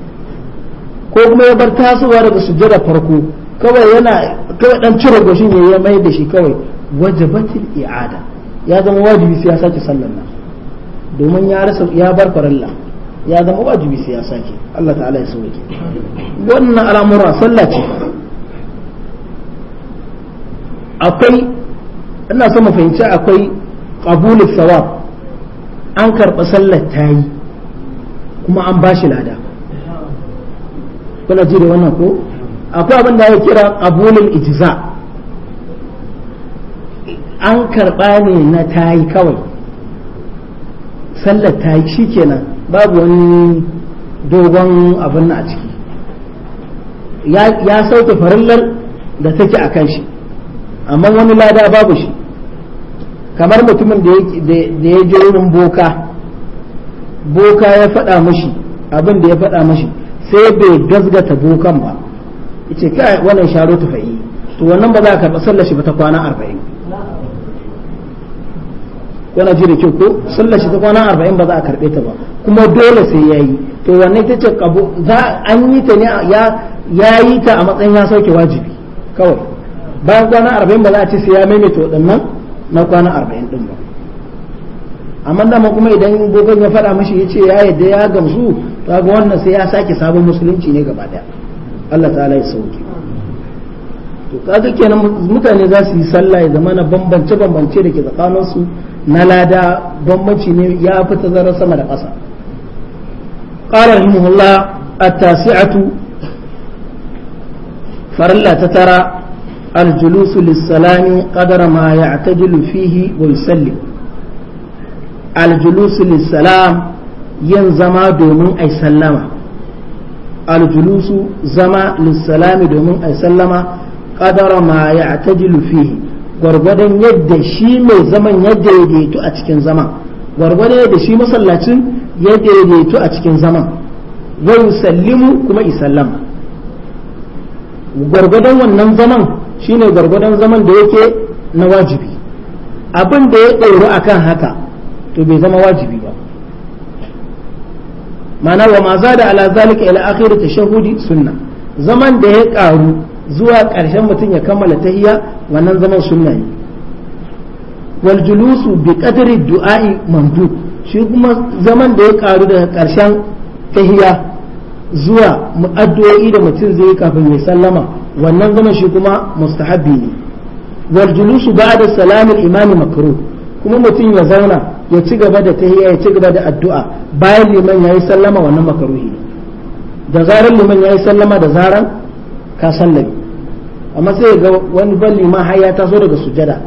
ko kuma ya bar tasowa daga sujjada farko kawai yana kawai dan cire goshin ya yi mai da shi kawai wajibatil i'ada ya zama wajibi sai ya sake sallar nan domin ya rasa ya bar farilla ya zama wajibi sai ya sake Allah ta'ala ya sauke wannan al'amura sallah ce akwai ina so mu fahimci akwai qabulus sawab an karba sallar ta yi kuma an bashi lada kuna ji da wannan ko akwai abin da ya kira abulin ijza an karɓa ne na tayi kawai sallar tayi shikenan babu wani dogon abin a ciki ya sauke farillar da take a kan shi amma wani lada babu shi kamar mutumin da ya je wurin boka boka ya faɗa mashi abin da ya faɗa mashi sai bai gazgata bokan ba yace kai wannan sharo ta fa'i to wannan ba za ka karɓa sallar shi ba ta kwana arba'in yana ji da kyau ko sallar shi ta kwana arba'in ba za a karɓe ta ba kuma dole sai ya yi to wannan ita ce kabu za an yi ta ne ya yi ta a matsayin ya sauke wajibi kawai bayan kwana arba'in ba za a ce sai ya maimaita waɗannan na kwana arba'in ɗin ba amma dama kuma idan gogon ya faɗa mashi ya ce ya yadda ya gamsu to ga wannan sai ya sake sabon musulunci ne gaba daya Allah ta'ala ya sauke to kaga kenan mutane za su yi sallah ya zama na bambance bambance da ke tsakanin su na lada bambanci ne ya fi tazarar sama da ƙasa qala rahimahullah at-tasi'atu farilla ta tara الجلوس للسلام قدر ما يعتدل فيه ويسلم الجلوس للسلام yin zama domin yi sallama aljulusu zama lissalami domin yi sallama qadara ma ya'tadilu fihi gwargwadon yadda shi mai zaman yadda ya daidaitu a cikin zaman gwargwadon yadda shi masallacin yadda ya daidaitu a cikin zaman wa sallimu kuma sallama gwargwadon wannan zaman shine gwargwadon zaman da yake na wajibi abin da ya a kan haka to bai zama wajibi ba ma'ana wa ma zada ala zalika ila akhir tashahudi sunna zaman da ya karu zuwa karshen mutum ya kammala tahiyya wannan zaman sunna ne wal julusu bi qadri du'a'i mandu shi kuma zaman da ya karu daga karshen tahiyya zuwa addu'o'i da mutum zai yi kafin ya sallama wannan zaman shi kuma mustahabbi ne wal julusu ba'da salamil imami makruh kuma mutum ya zauna ya ci gaba da tahiyya ya ci gaba da addu'a bayan liman yayi sallama wannan makaruhi da zaran liman yayi sallama da zaran ka sallabi amma sai ga wani ban liman har ya taso daga sujada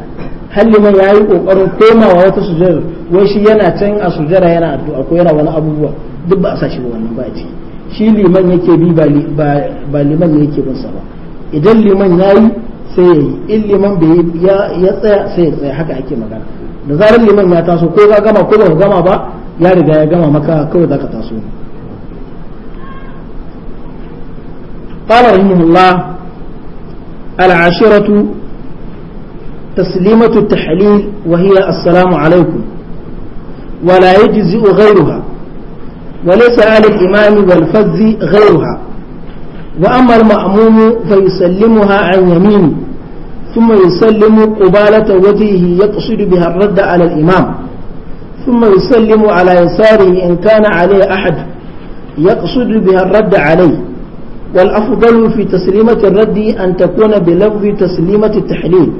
har liman yayi kokarin komawa wata sujada wai shi yana can a sujada yana addu'a ko yana wani abubuwa duk ba a sa ba wannan ba ciki shi liman yake bi ba liman ne yake binsa ba idan liman yayi sai ya yi in liman bai ya tsaya sai ya tsaya haka ake magana da zarar liman ya taso ko ka gama ko ba gama ba ya riga ya gama maka kawai zaka taso قال رحمه الله العاشرة تسليمة التحليل وهي السلام عليكم ولا يجزئ غيرها وليس على الإمام والفذ غيرها وأما المأموم فيسلمها عن يمينه ثم يسلم قبالة وجهه يقصد بها الرد على الإمام ثم يسلم على يساره إن كان عليه أحد يقصد بها الرد عليه والأفضل في تسليمة الرد أن تكون بلفظ تسليمة التحليل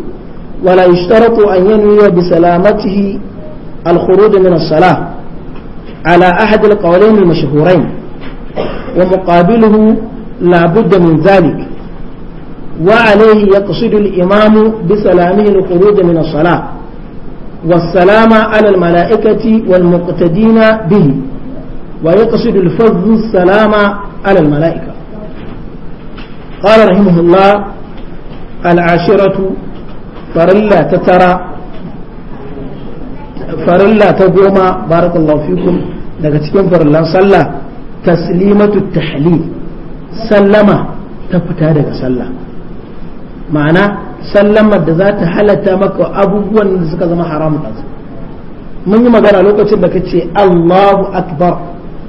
ولا يشترط أن ينوي بسلامته الخروج من الصلاة على أحد القولين المشهورين ومقابله لا بد من ذلك وعليه يقصد الإمام بسلامه الخروج من الصلاة والسلام على الملائكة والمقتدين به ويقصد الفظ السلام على الملائكة قال رحمه الله العاشرة فرلا تترى فرلا تقوم بارك الله فيكم daga cikin farillan sallah taslimatu tahlil sallama ta fita daga sallah ma'ana sallamar da za ta halatta maka abubuwan da suka zama haram ɗansu mun yi magana lokacin da ka ce Allahu akbar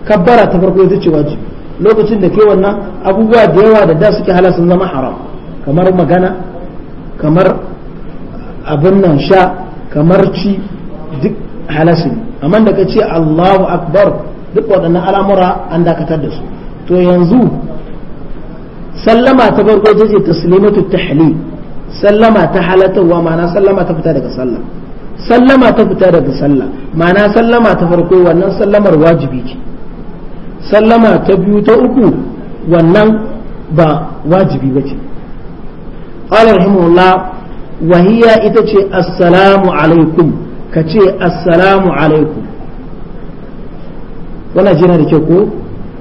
kabbara ta farko ita ce wajibi lokacin da ke wannan abubuwa da yawa da da suke halal sun zama haram kamar magana kamar abin nan sha kamar ci duk halasin amma da ka ce Allahu akbar duk waɗannan al'amura an dakatar da su to yanzu sallama ta farko ita ce taslimatu tahlil sallama ta halatarwa ma'ana sallama ta fita daga sallah sallama ta fita daga sallah ma'ana sallama ta farko wannan sallamar wajibi ce sallama ta biyu ta uku wannan ba wajibi ba ce qala rahimahullah wa ita ce assalamu alaikum ka ce assalamu alaikum wannan jina da ke ko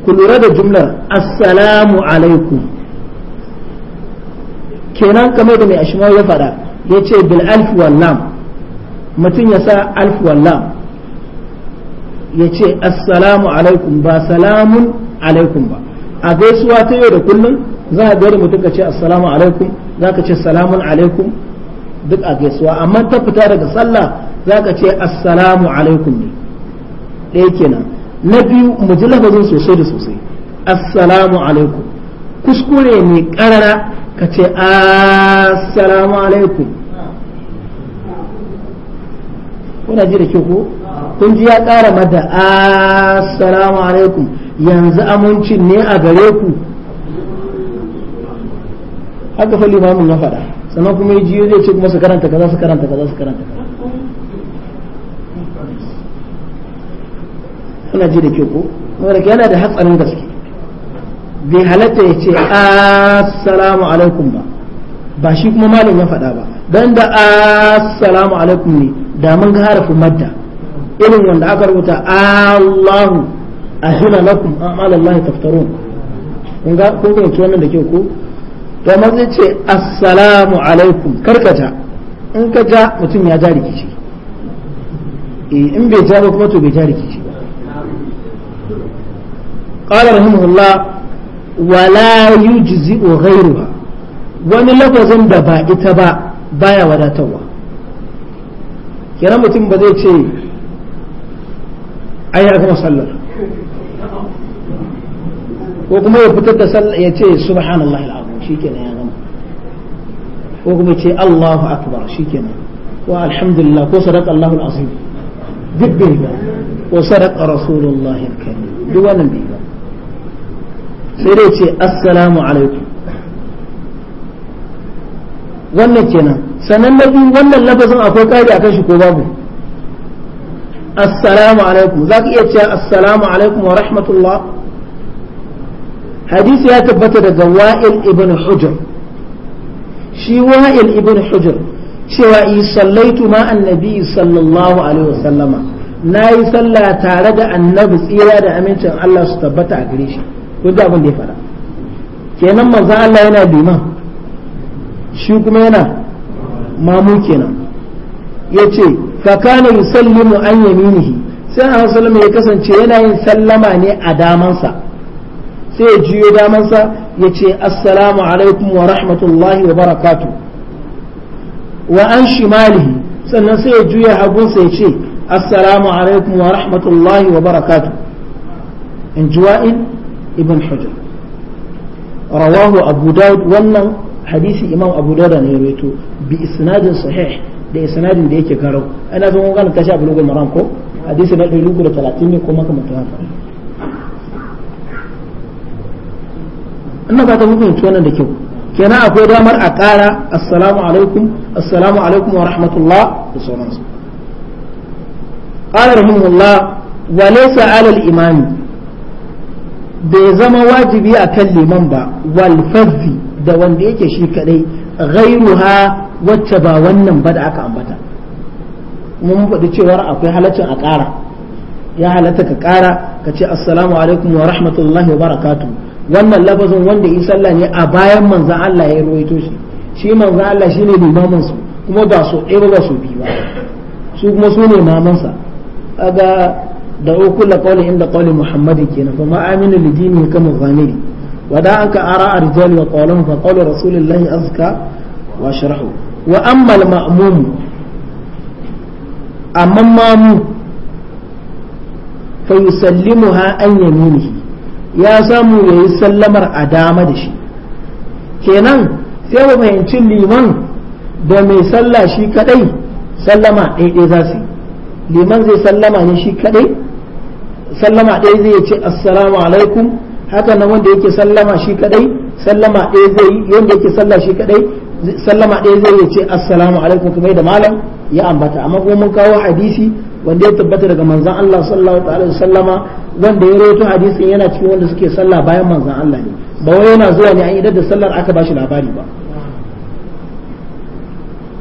ku lura da jumlar assalamu alaikum kenan kamar da mai ashima ya faɗa ya ce bil alf wallam lam mutum ya sa alf wallam lam ya ce assalamu alaikum ba salamun alaikum ba a gaisuwa ta yau da kullum za a gari mutum ka ce assalamu alaikum za ka ce salamun alaikum duk a gaisuwa amma ta fita daga sallah za ka ce assalamu alaikum ne ɗaya kenan na biyu mu ji lafazin sosai da sosai assalamu alaikum kuskure ne ƙarara ka ce assalamu alaikum kuna ji da ke ko kun ji ya ƙara mata assalamu alaikum yanzu amincin ne a gare ku haka fa limamin na faɗa sannan kuma ya jiyo zai ce kuma su karanta kaza su karanta kaza su karanta kuna ji da ke ko ke yana da hatsarin gaske bai halatta ya ce assalamu alaikum ba ba shi kuma malam ya faɗa ba don da assalamu alaikum ne da mun ga harafin madda irin wanda aka rubuta Allahu ahina lakum an alallahi taftarun kun ga kun ga yake wannan da ke ko to amma zai ce assalamu alaikum karkata in ka ja mutum ya ja rikici eh, in bai ja ba kuma to bai ja rikici قال رحمه الله wala yujzi'u ghayruha wani lafazin da ba ita ba baya wadatarwa kira mutum ba zai ce ai ya gama sallar ko kuma ya fitar da sallar ya ce subhanallahi al'azim shikenan ya gama ko kuma ce Allahu akbar shikenan wa alhamdulillah ko sadaqa Allahu al'azim duk bai ba wa sadaqa rasulullahi al-karim duk wannan bai ba sai dai ce assalamu alaikum wannan kenan sannan na biyu wannan lafazin akwai kari a shi ko babu assalamu alaikum za ka iya cewa assalamu alaikum wa rahmatullah hadisi ya tabbata daga wa'il ibn hujr shi wa'il ibn hujr cewa yi sallaitu ma annabi sallallahu alaihi wasallama na yi sallah tare da annabi tsira da amincin Allah su tabbata a gare shi kun ji abin da ya faɗa kenan manzo Allah yana liman shi kuma yana mamu kenan yace fa kana yusallimu an yaminihi sai Annabi sallallahu ya kasance yana yin sallama ne a damansa sai ya juyo damansa ya ce assalamu alaikum wa rahmatullahi wa barakatu wa an shimalihi sannan sai ya juya hagunsa ya ce assalamu alaikum wa rahmatullahi wa barakatu in juwa'in ibn hajar rawahu abu daud wannan hadisi imam abu daud ne ya rawaito bi isnadin sahih da isnadin da yake karau ana zan gana tashi abu lugal maram ko hadisi na 130 ne ko makamantan haka ina ba ta mutunci nan da kyau kenan akwai damar a ƙara assalamu alaikum assalamu alaikum wa rahmatullah da sauransu قال رحمه الله وليس على الإمام bai zama wajibi a kan liman ba walfazzi da wanda yake shi kadai ghairuha wacce ba wannan ba da aka ambata mun faɗi cewar akwai halaccin a ƙara ya halatta ka ƙara ka ce assalamu alaikum wa rahmatullahi wa barakatu wannan lafazin wanda yi sallah ne a bayan manzan Allah ya ruwaito shi shi manzan Allah shine limamin su kuma ba su ɗaya ba su biyu ba su kuma su ne mamansa kaga da uku da qawli inda qawli muhammadin kenan fa ma aminu li dinihi kama ghamiri wa da ka ara a arjali wa qawluhum fa qawlu rasulillahi azka wa sharahu wa amma al ma'mum amma mamu fa ha an yaminihi ya samu ya yi sallamar a dama da shi kenan sai mu fahimci liman da mai sallah shi kadai sallama ɗaiɗai za su yi liman zai sallama ne shi kadai sallama ɗaya zai ce assalamu alaikum haka nan wanda yake sallama shi kadai sallama ɗaya zai wanda yake salla shi kadai sallama ɗaya zai ce assalamu alaikum kamar da malam ya ambata amma kuma mun kawo hadisi wanda ya tabbata daga manzon Allah sallallahu alaihi sallama wanda ya rawaito hadisin yana cikin wanda suke sallah bayan manzon Allah ne ba wai yana zuwa ne an idar da sallar aka bashi labari ba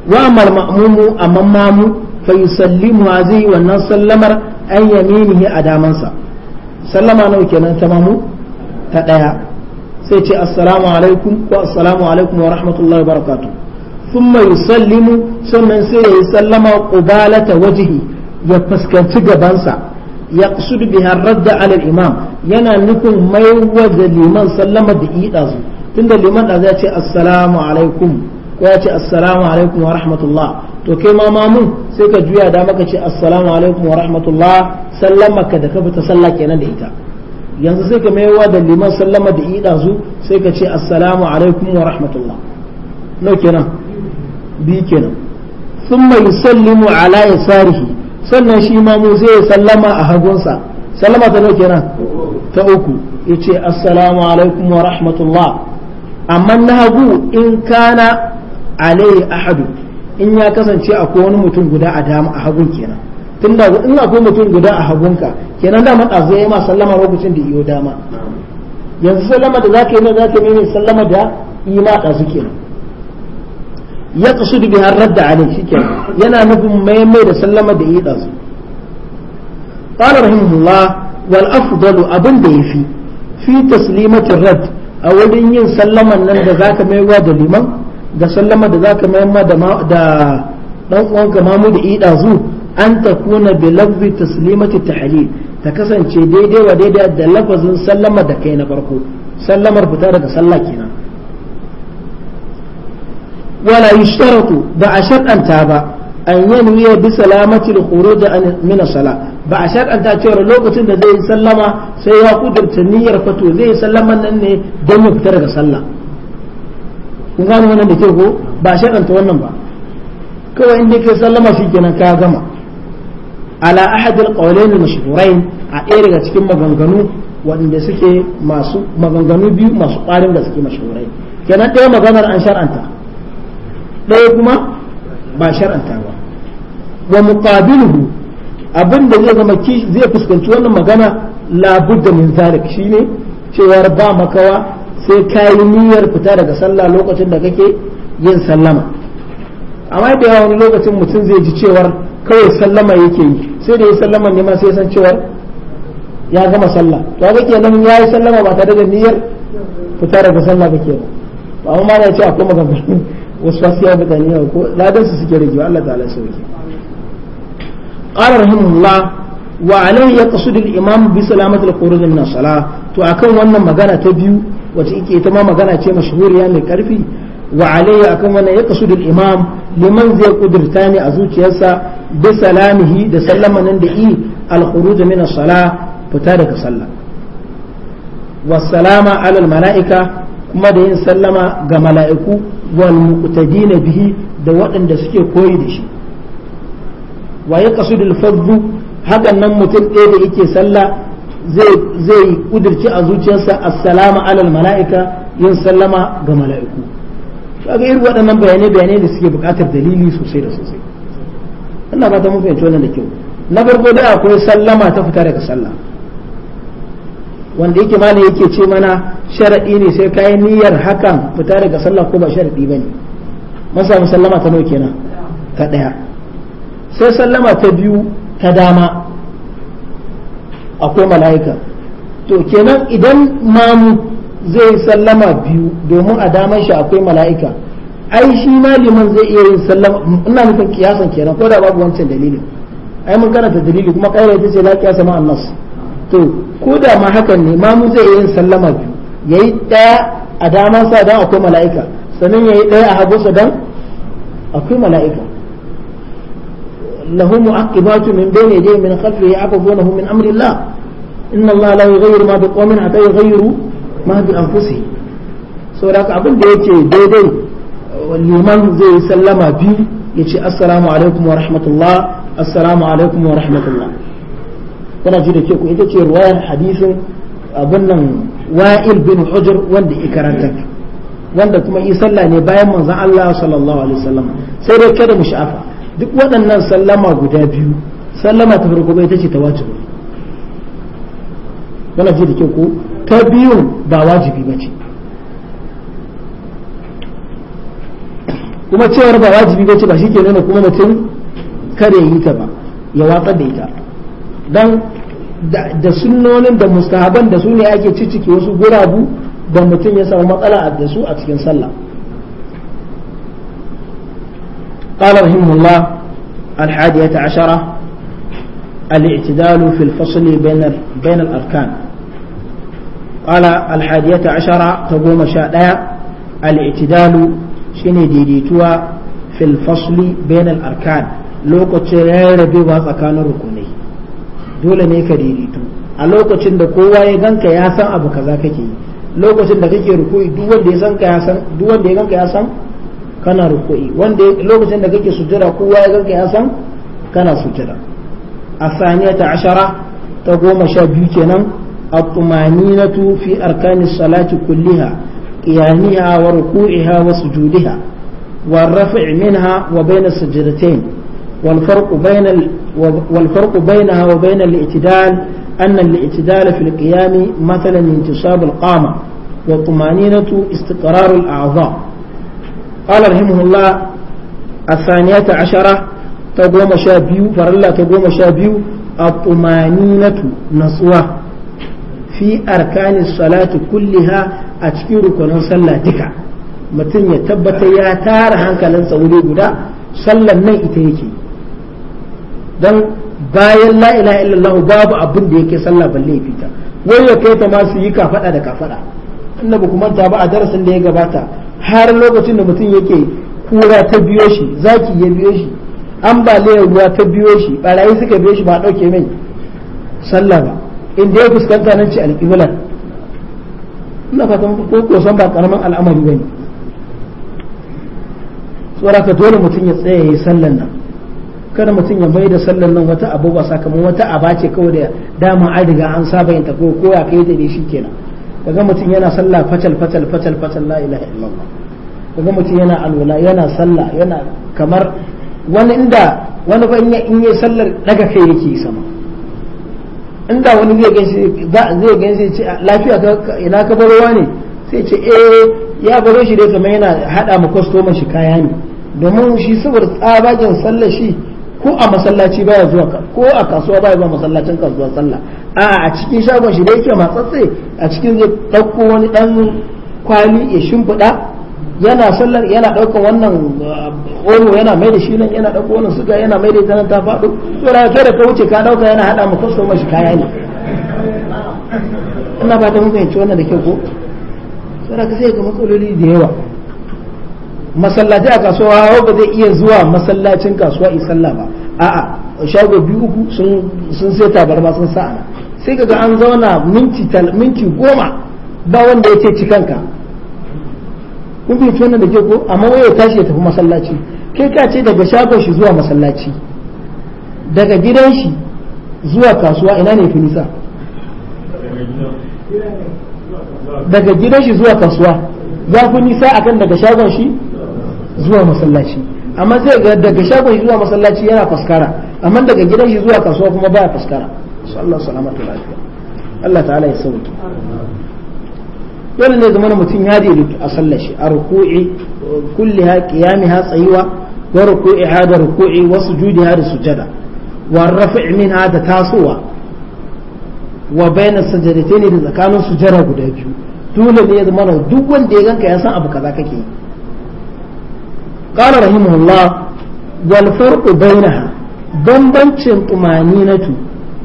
wa amal ma'mumu amman mamu fa yusallimu zai wannan sallamar an yaminihi a damansa sallama nawa kenan ta mamu ta ɗaya sai ce assalamu alaikum ko assalamu alaikum wa rahmatullahi wa barakatuh thumma yusallimu sannan sai ya yi sallama qubalata wajihi ya fuskanci gabansa ya kusudu biha radda ala imam yana nufin mai wa liman sallama da yi su tunda liman da zai ce assalamu alaikum ko ce assalamu alaikum wa rahmatullah to kai ma mamun sai ka juya da maka ce assalamu alaikum wa rahmatullah sallama ka da ka fita sallah kenan da ita yanzu sai ka maiwa da liman sallama da ida zu sai ka ce assalamu alaikum wa rahmatullah no kenan bi kenan thumma yusallimu ala yasarihi sannan shi mamu zai sallama a hagunsa sallama ta no kenan ta uku yace assalamu alaikum wa rahmatullah amma na hagu in kana alai ahadu in ya kasance akwai wani mutum guda a dama a hagun kenan tun da in akwai mutum guda a hagunka kenan dama ɗazu ya yi ma sallama lokacin da iyo dama yanzu sallama da zaka yi ne zaka yi ne sallama da ima ma su kenan ya kasu da bihar radda alai shi kenan yana nufin maimai da sallama da wal ɗazu قال ya fi fi أبن rad a wurin yin sallaman nan da zaka maiwa da liman. da sallama da zaka mayamma da da dan uwanka mamu da ida zu an takuna bi lafzi taslimati tahlil ta kasance daidai wa daidai da lafazin sallama da kai na farko sallamar fita daga sallah kenan wala yushtaratu ba a shar'anta ba an yanwiya bi salamati al-khuruj min as-salah ba a shar'anta cewa lokacin da zai sallama sai ya kudurta niyyar fato zai sallama nan ne don ya fita daga sallah kun gano wannan da ke ko ba sharanta wannan ba kawai inda ke sallama shi kenan ka gama ala ahadil qawlain mashhurain a ɗaya daga cikin maganganu wanda suke masu maganganu biyu masu ƙarin da suke mashhurai kenan ɗaya maganar an shar'anta ɗaya kuma ba shar'anta ba wa muqabiluhu abin da zai zama zai fuskanci wannan magana budda min zalik shine cewar ba makawa sai ka yi niyyar fita daga sallah lokacin da kake yin sallama amma da yawa wani lokacin mutum zai ji cewar kawai sallama yake yi sai da ya sallama ne ma sai san cewar ya gama sallah to ga kenan ya yi sallama ba tare da niyyar fita daga sallah kake ba ba amma ya ce akwai maganganu wasu wasu ya mutane yau ko ladan su suke rage Allah ta'ala ya sauke qala rahimullah wa alayhi yaqsudu al-imam bi salamati al-khuruj min as-salah to akan wannan magana ta biyu wace ike ita ma magana ce mashhuriya mai karfi wa alayya akan wannan ya kasu dil imam liman zai kudirta ne a zuciyarsa bi salamihi da sallama nan da i al khuruj min as fita daga sallah wassalama alal mala'ika kuma da yin sallama ga mala'iku wal muqtadina bihi da waɗanda suke koyi da shi wa yaqsudul fadhu hakan nan mutum ɗaya da yake sallah zai kudirci a zuciyarsa assalamu alal mala'ika yin sallama ga mala'iku kaga irin waɗannan bayanai bayanai da suke buƙatar dalili sosai da sosai ina ba ta mun fahimci wannan da kyau na farko da akwai sallama ta fita daga sallah wanda yake malam yake ce mana sharaɗi ne sai kayan niyyar hakan fita daga sallah ko ba sharaɗi bane mun samu sallama ta nawa kenan ta ɗaya sai sallama ta biyu ta dama akwai mala'ika to kenan idan mamu zai sallama biyu domin a daman shi akwai mala'ika ai shi ma zai iya yin sallama ina nufin kiyasan kenan ko da babu wancan dalilin ai mun karanta dalili kuma kaira ita ce la kiyasa ma annas to ko da ma hakan ne mamu zai iya yin sallama biyu yayi daya a daman sa dan akwai mala'ika sannan yayi daya a hagu sa dan akwai mala'ika له معقبات من بين يديه من خلفه يعقبونه من أمر الله إن الله لا يغير ما بقوم حتى يغيروا ما بأنفسهم saboda abin da yake daidai liman zai sallama biyu ya ce assalamu alaikum wa rahmatullah assalamu alaikum wa rahmatullah kuna ji da ke ita ce ruwayar hadisin abin nan wa'il bin hujr wanda ya karanta wanda kuma yi sallah ne bayan manzon Allah sallallahu alaihi sai dai kada mu sha'afa duk waɗannan sallama guda biyu sallama ta farko bai ta ce ta wajibi yana ji da kyau ko ta biyun ba wajibi ba ce kuma cewar ba wajibi ba ce ba shi ke nuna kuma mutum kare yi ta ba ya watsar da ita don da sunonin da mustahaban da su ne ake cicike wasu gurabu da mutum ya samu matsala da su a cikin sallah قال رحمه الله الحادية عشرة الاعتدال في الفصل بين بين الأركان قال الحادية عشرة تقوم شاء الاعتدال شيني ديديتوا في الفصل بين الأركان tsakanin rukunai dole ne ka daidaito a lokacin da kowa ya ganka san abu kaza kake yi lokacin da kake rukui duk wanda ka ya san kana rukui wanda lokacin da kake sujjada kowa ya ganka ya san kana sujjada a saniya ta ashara ta goma sha biyu kenan a tumani na tufi arkani salati kulliha iyaniha wa ruku'iha wa sujudiha wa rafi minha wa bayna sujudatain wal farqu bayna wa bayna al itidal anna al itidal fi al qiyam mathalan na tu istiqrar al قال رحمه الله الثانية عشرة تقوم شابيو فرلا تقوم شابيو الطمانينة نصوة في أركان الصلاة كلها أتكيرك ونصلى تكا متن يتبت يا تار هنك لنسى ولي قدا صلى من إتيكي دل bayan la ilaha illallah babu abin da yake sallah balle fita wai ya kai ta ma su yi kafada da kafada annabi kuma ta ba a darasin da ya gabata har lokacin da mutum yake kura ta biyo shi zaki ya biyo shi ambaliyar ruwa ta biyo shi barayi suka biyo shi ba a ɗauke mai sallah ba inda ya fuskanta nan ce alƙiblar ina fatan ko ko san ba karaman al'amari bane tsora ka dole mutum ya tsaya yayi sallan nan kada mutum ya bai da sallan nan wata abu ba sakamakon wata aba ce kawai da dama an riga an saba yin ta ko ya kai da shi kenan kaga mutum yana sallah fatal fatal fatal fatal la ilaha illallah kaga mutum yana alwala yana sallah yana kamar wani inda wani ba in yi sallar daga kai yake sama inda wani zai gan shi zai gan shi ce lafiya ka ina ka baro wani sai ce eh ya baro shi dai kamar yana hada ma kwastoman shi kaya ne domin shi saboda tsabagen sallar shi ko a masallaci baya zuwa ko a kasuwa baya zuwa masallacin kasuwa sallah a a cikin shagon shi da yake matsatse a cikin zai ɗauko wani ɗan kwali ya shimfiɗa yana sallar yana ɗaukar wannan uh, oro yana mai da shi nan yana ɗauko wannan suga yana mai da ita nan ta faɗo to da kai da ka wuce ka ɗauka yana haɗa maka so mashi kaya ne ina ba ta mun fahimci wannan da kyau ko sai ka sai ga matsaloli da yawa masallaci a kasuwa hawa ba zai iya zuwa masallacin kasuwa in sallah ba a'a shago biyu uku sun sai tabarma sun sa sai kaga an zauna minti goma ba wanda ya ce cikanka kun bai tona da ke ko amma ya tashi ya tafi masallaci kai ka ce daga shagon shi zuwa masallaci daga gidan shi zuwa kasuwa ina ne fi nisa daga gidan shi zuwa kasuwa ya fi nisa akan daga shagon shi zuwa masallaci amma sai ga daga shagon shi zuwa masallaci yana faskara amma daga gidan shi zuwa kasuwa kuma baya faskara su salamatu lafiya Allah ta'ala ya sauke dole ne zama mutum ya daidaitu a sallar shi a ruku'i kulliha qiyamiha tsayuwa wa ha da ruku'i wa ha da sujada wa rafi' ha da tasowa wa bayna sajadatayn da tsakanin sujara guda biyu dole ne zama duk wanda ya ganka ya san abu kaza kake yi قال رحمه الله والفرق بينها بمبنشن طمانينة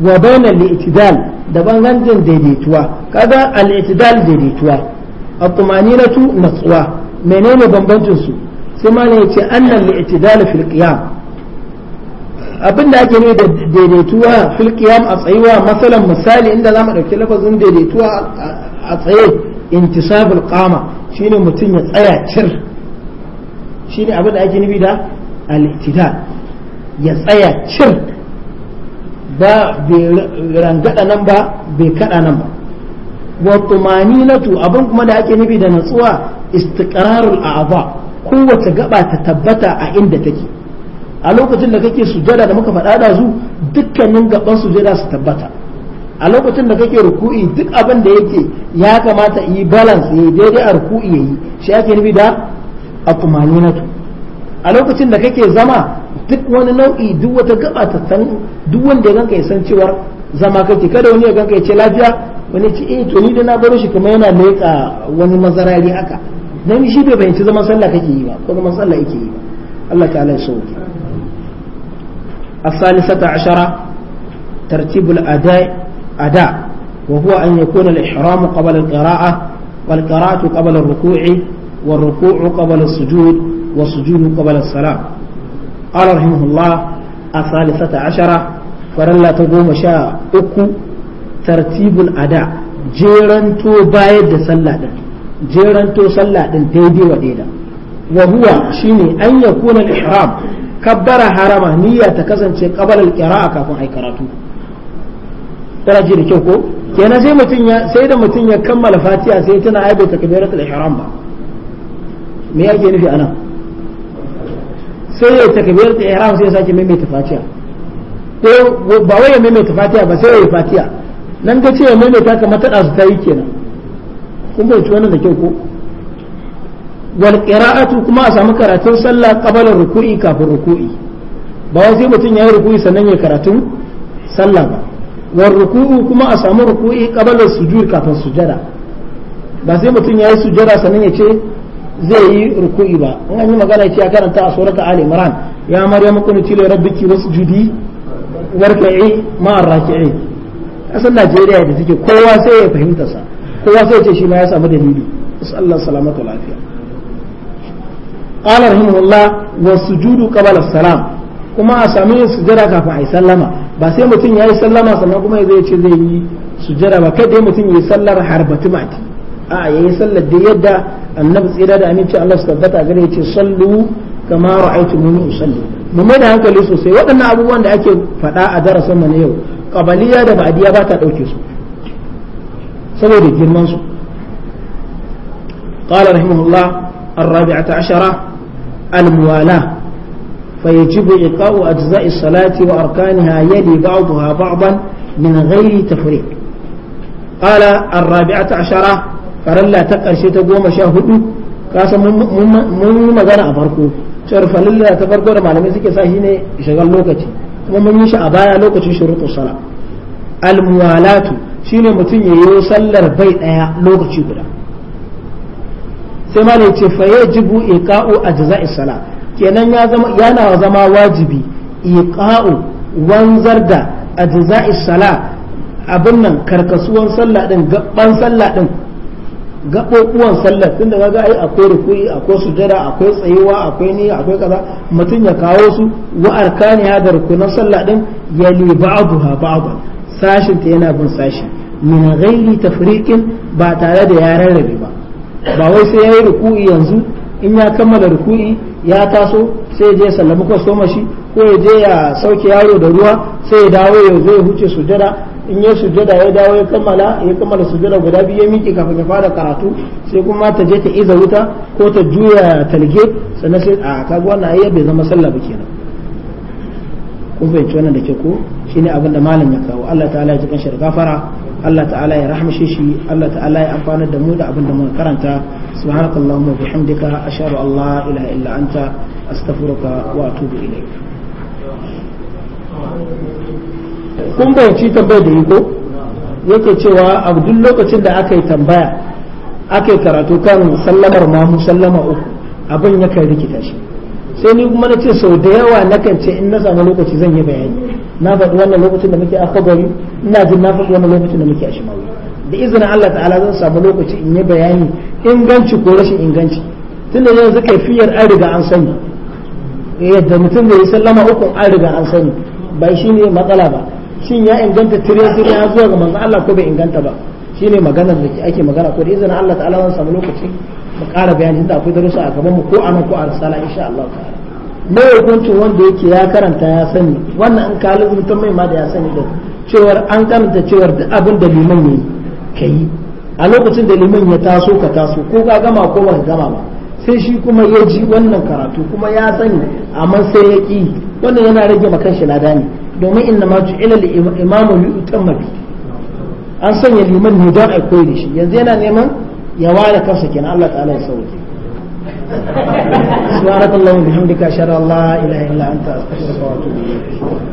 wa bayna al-i'tidal da bangancin daidaituwa kaga al-i'tidal daidaituwa at-tumaninatu natsuwa menene bambancin su sai malai yace anna al-i'tidal fil qiyam abinda ake ne da daidaituwa fil qiyam a tsayuwa masalan misali inda zamu dauki lafazin daidaituwa a tsaye intisabul qama shine mutum ya tsaya cir shine abinda ake nufi da al-i'tidal ya tsaya cir ba bai rangada nan ba bai kada nan ba wa tumaninatu abin kuma da ake nufi da natsuwa istiqrarul a'dha kowace gaba ta tabbata a inda take a lokacin da kake sujada da muka faɗa da su dukkanin gaban sujada su tabbata a lokacin da kake ruku'i duk abin da yake ya kamata yi balance yayi daidai a ruku'i yayi shi ake nufi da atumaninatu a lokacin da kake zama duk wani nau'i duk wata gaba ta san duk wanda ya ganka ya san cewar zama kake kada wani ya ganka ya ce lafiya wani ce eh to ni da na baro shi kuma yana leƙa wani mazarari haka dan shi bai bayanci zaman sallah kake yi ba ko zaman sallah yake yi ba Allah ta'ala ya sauke الثالثة عشرة ترتيب الأداء أداء وهو أن يكون الإحرام قبل القراءة والقراءة قبل الركوع والركوع قبل السجود والسجود قبل السلام قال رحمه الله الثالثة عشرة فرلا تقوم شاء أكو ترتيب الأداء جيرانتو بايد سلا جيرانتو سلا ديدي وديدا وهو شيني أن يكون الإحرام كبر حرمه نية كزن قبل القراءة كفن أي كراتو daraji da kyau ko kenan sai mutum ya sai da mutum ya kammala fatiha sai tana aibe takbiratul ihram ba me yake nufi anan sai ya takabiyar ta ihram sai ya sake mai fatiha ko ba wai ya mai fatiha ba sai ya yi fatiha nan ta ce ya maimaita kamar ta dasu ta yi kenan kun bai wannan da kyau ko wal qira'atu kuma a samu karatun sallah qabala ruku'i kafin ruku'i ba wai sai mutum ya yi ruku'i sannan ya karatun sallah ba wal ruku'u kuma a samu ruku'i qabala sujud kafin sujada ba sai mutum ya yi sujada sannan ya ce zai yi ruku'i ba in an yi magana ce ya karanta a surata ali imran ya maryamu qunuti li rabbiki wasjudi warka'i ma raki'i asan Najeriya da take kowa sai ya fahimta sa kowa sai ya ce shi ma ya samu dalili sallallahu salamatu lafiya qala rahimahullah wasujudu qabala salam kuma a sami yin sujjada kafin a yi sallama ba sai mutum ya yi sallama sannan kuma zai ce zai yi sujjada ba kada mutum ya yi sallar harbatu mati a yayi sallar da yadda annabi tsira da aminci Allah su tabbata gare sallu kama ra'aytu mun usalli mu mai da hankali sosai waɗannan abubuwan da ake faɗa a darasin mu na yau qabaliya da ba'diya ba ta dauke su saboda girman su qala rahimahullah الرابعة عشرة الموالاة فيجب إيقاء أجزاء الصلاة وأركانها يلي بعضها بعضا من غير تفريق قال الرابعة عشرة faralla ta ƙarshe ta goma sha hudu kasa mun yi magana a farko cewar farilla ta farko da malamai suke sa shi ne shagal lokaci kuma mun yi shi a baya lokacin shuruɗin sala almuwalatu ne mutum ya yi sallar bai ɗaya lokaci guda sai ma ne ce fa yajibu iqa'u ajza'i sala kenan yana zama wajibi iqa'u wanzar da ajza'i sala abin nan karkasuwan sallah din gaban sallah din gaɓoɓuwan sallar tun da kaga ai akwai rukui akwai sujada akwai tsayuwa akwai ni akwai kaza mutum ya kawo su wa ya da rukunan sallah din ya li ha ba'du sashin ta yana bin sashi min ghairi tafriqin ba tare da ya rarrabe ba ba wai sai yayi ruku'i yanzu in ya kammala ruku'i ya taso sai je sallama ko soma shi ko ya je ya sauke yaro da ruwa sai ya dawo ya zo ya huce sujada in ya sujjada ya dawo ya kammala ya kammala sujjada guda biyu ya miƙe kafin ya fara karatu sai kuma ta je ta iza wuta ko ta juya talge sannan sai a kaga wannan ayyar bai zama sallah ba kenan kun fahimci wannan da ke ko shine abin da malam ya kawo Allah ta'ala ya ji kanshi da gafara Allah ta'ala ya rahmashe shi Allah ta'ala ya amfanar da mu da abin da muka karanta subhanakallahumma wa bihamdika ashhadu an la ilaha illa anta astaghfiruka wa atubu ilayk kun bayanci tambaya da yi ko yake cewa a duk lokacin da aka yi tambaya aka yi karatu kan sallamar mamu sallama uku abin ya kai rikita shi sai ni kuma na ce sau da yawa na kan ce in na samu lokaci zan yi bayani na faɗi wannan lokacin da muke a kabari ina jin na faɗi wannan lokacin da muke a shimawi da izinin Allah ta'ala zan samu lokaci in yi bayani inganci ko rashin inganci tunda yanzu fiyar an riga an sani yadda mutum da ya sallama uku an riga an sani bai shi ne matsala ba shin ya inganta cire-cire ya zuwa ga manzon Allah ko bai inganta ba shi ne maganar da ake magana ko da izina Allah ta'ala wani samu lokaci mu ƙara bayani da akwai darussa a gaban mu ko a nan ko a risala insha Allah ta'ala mai hukuncin wanda yake ya karanta ya sani wannan an kalu mutum mai ma da ya sani da cewar an karanta cewar duk abin da liman ka yi a lokacin da liman ya taso ka taso ko ka gama ko ba gama ba sai shi kuma ya ji wannan karatu kuma ya sani amma sai ya ki wannan yana rage ma shi lada ne domin inna ma ju'ila li imamu li utamma an sanya liman ne don akwai da shi yanzu yana neman ya ware kansa kenan Allah ta'ala ya sauke subhanakallahumma bihamdika ashhadu an la ilaha illa anta astaghfiruka wa atubu ilayk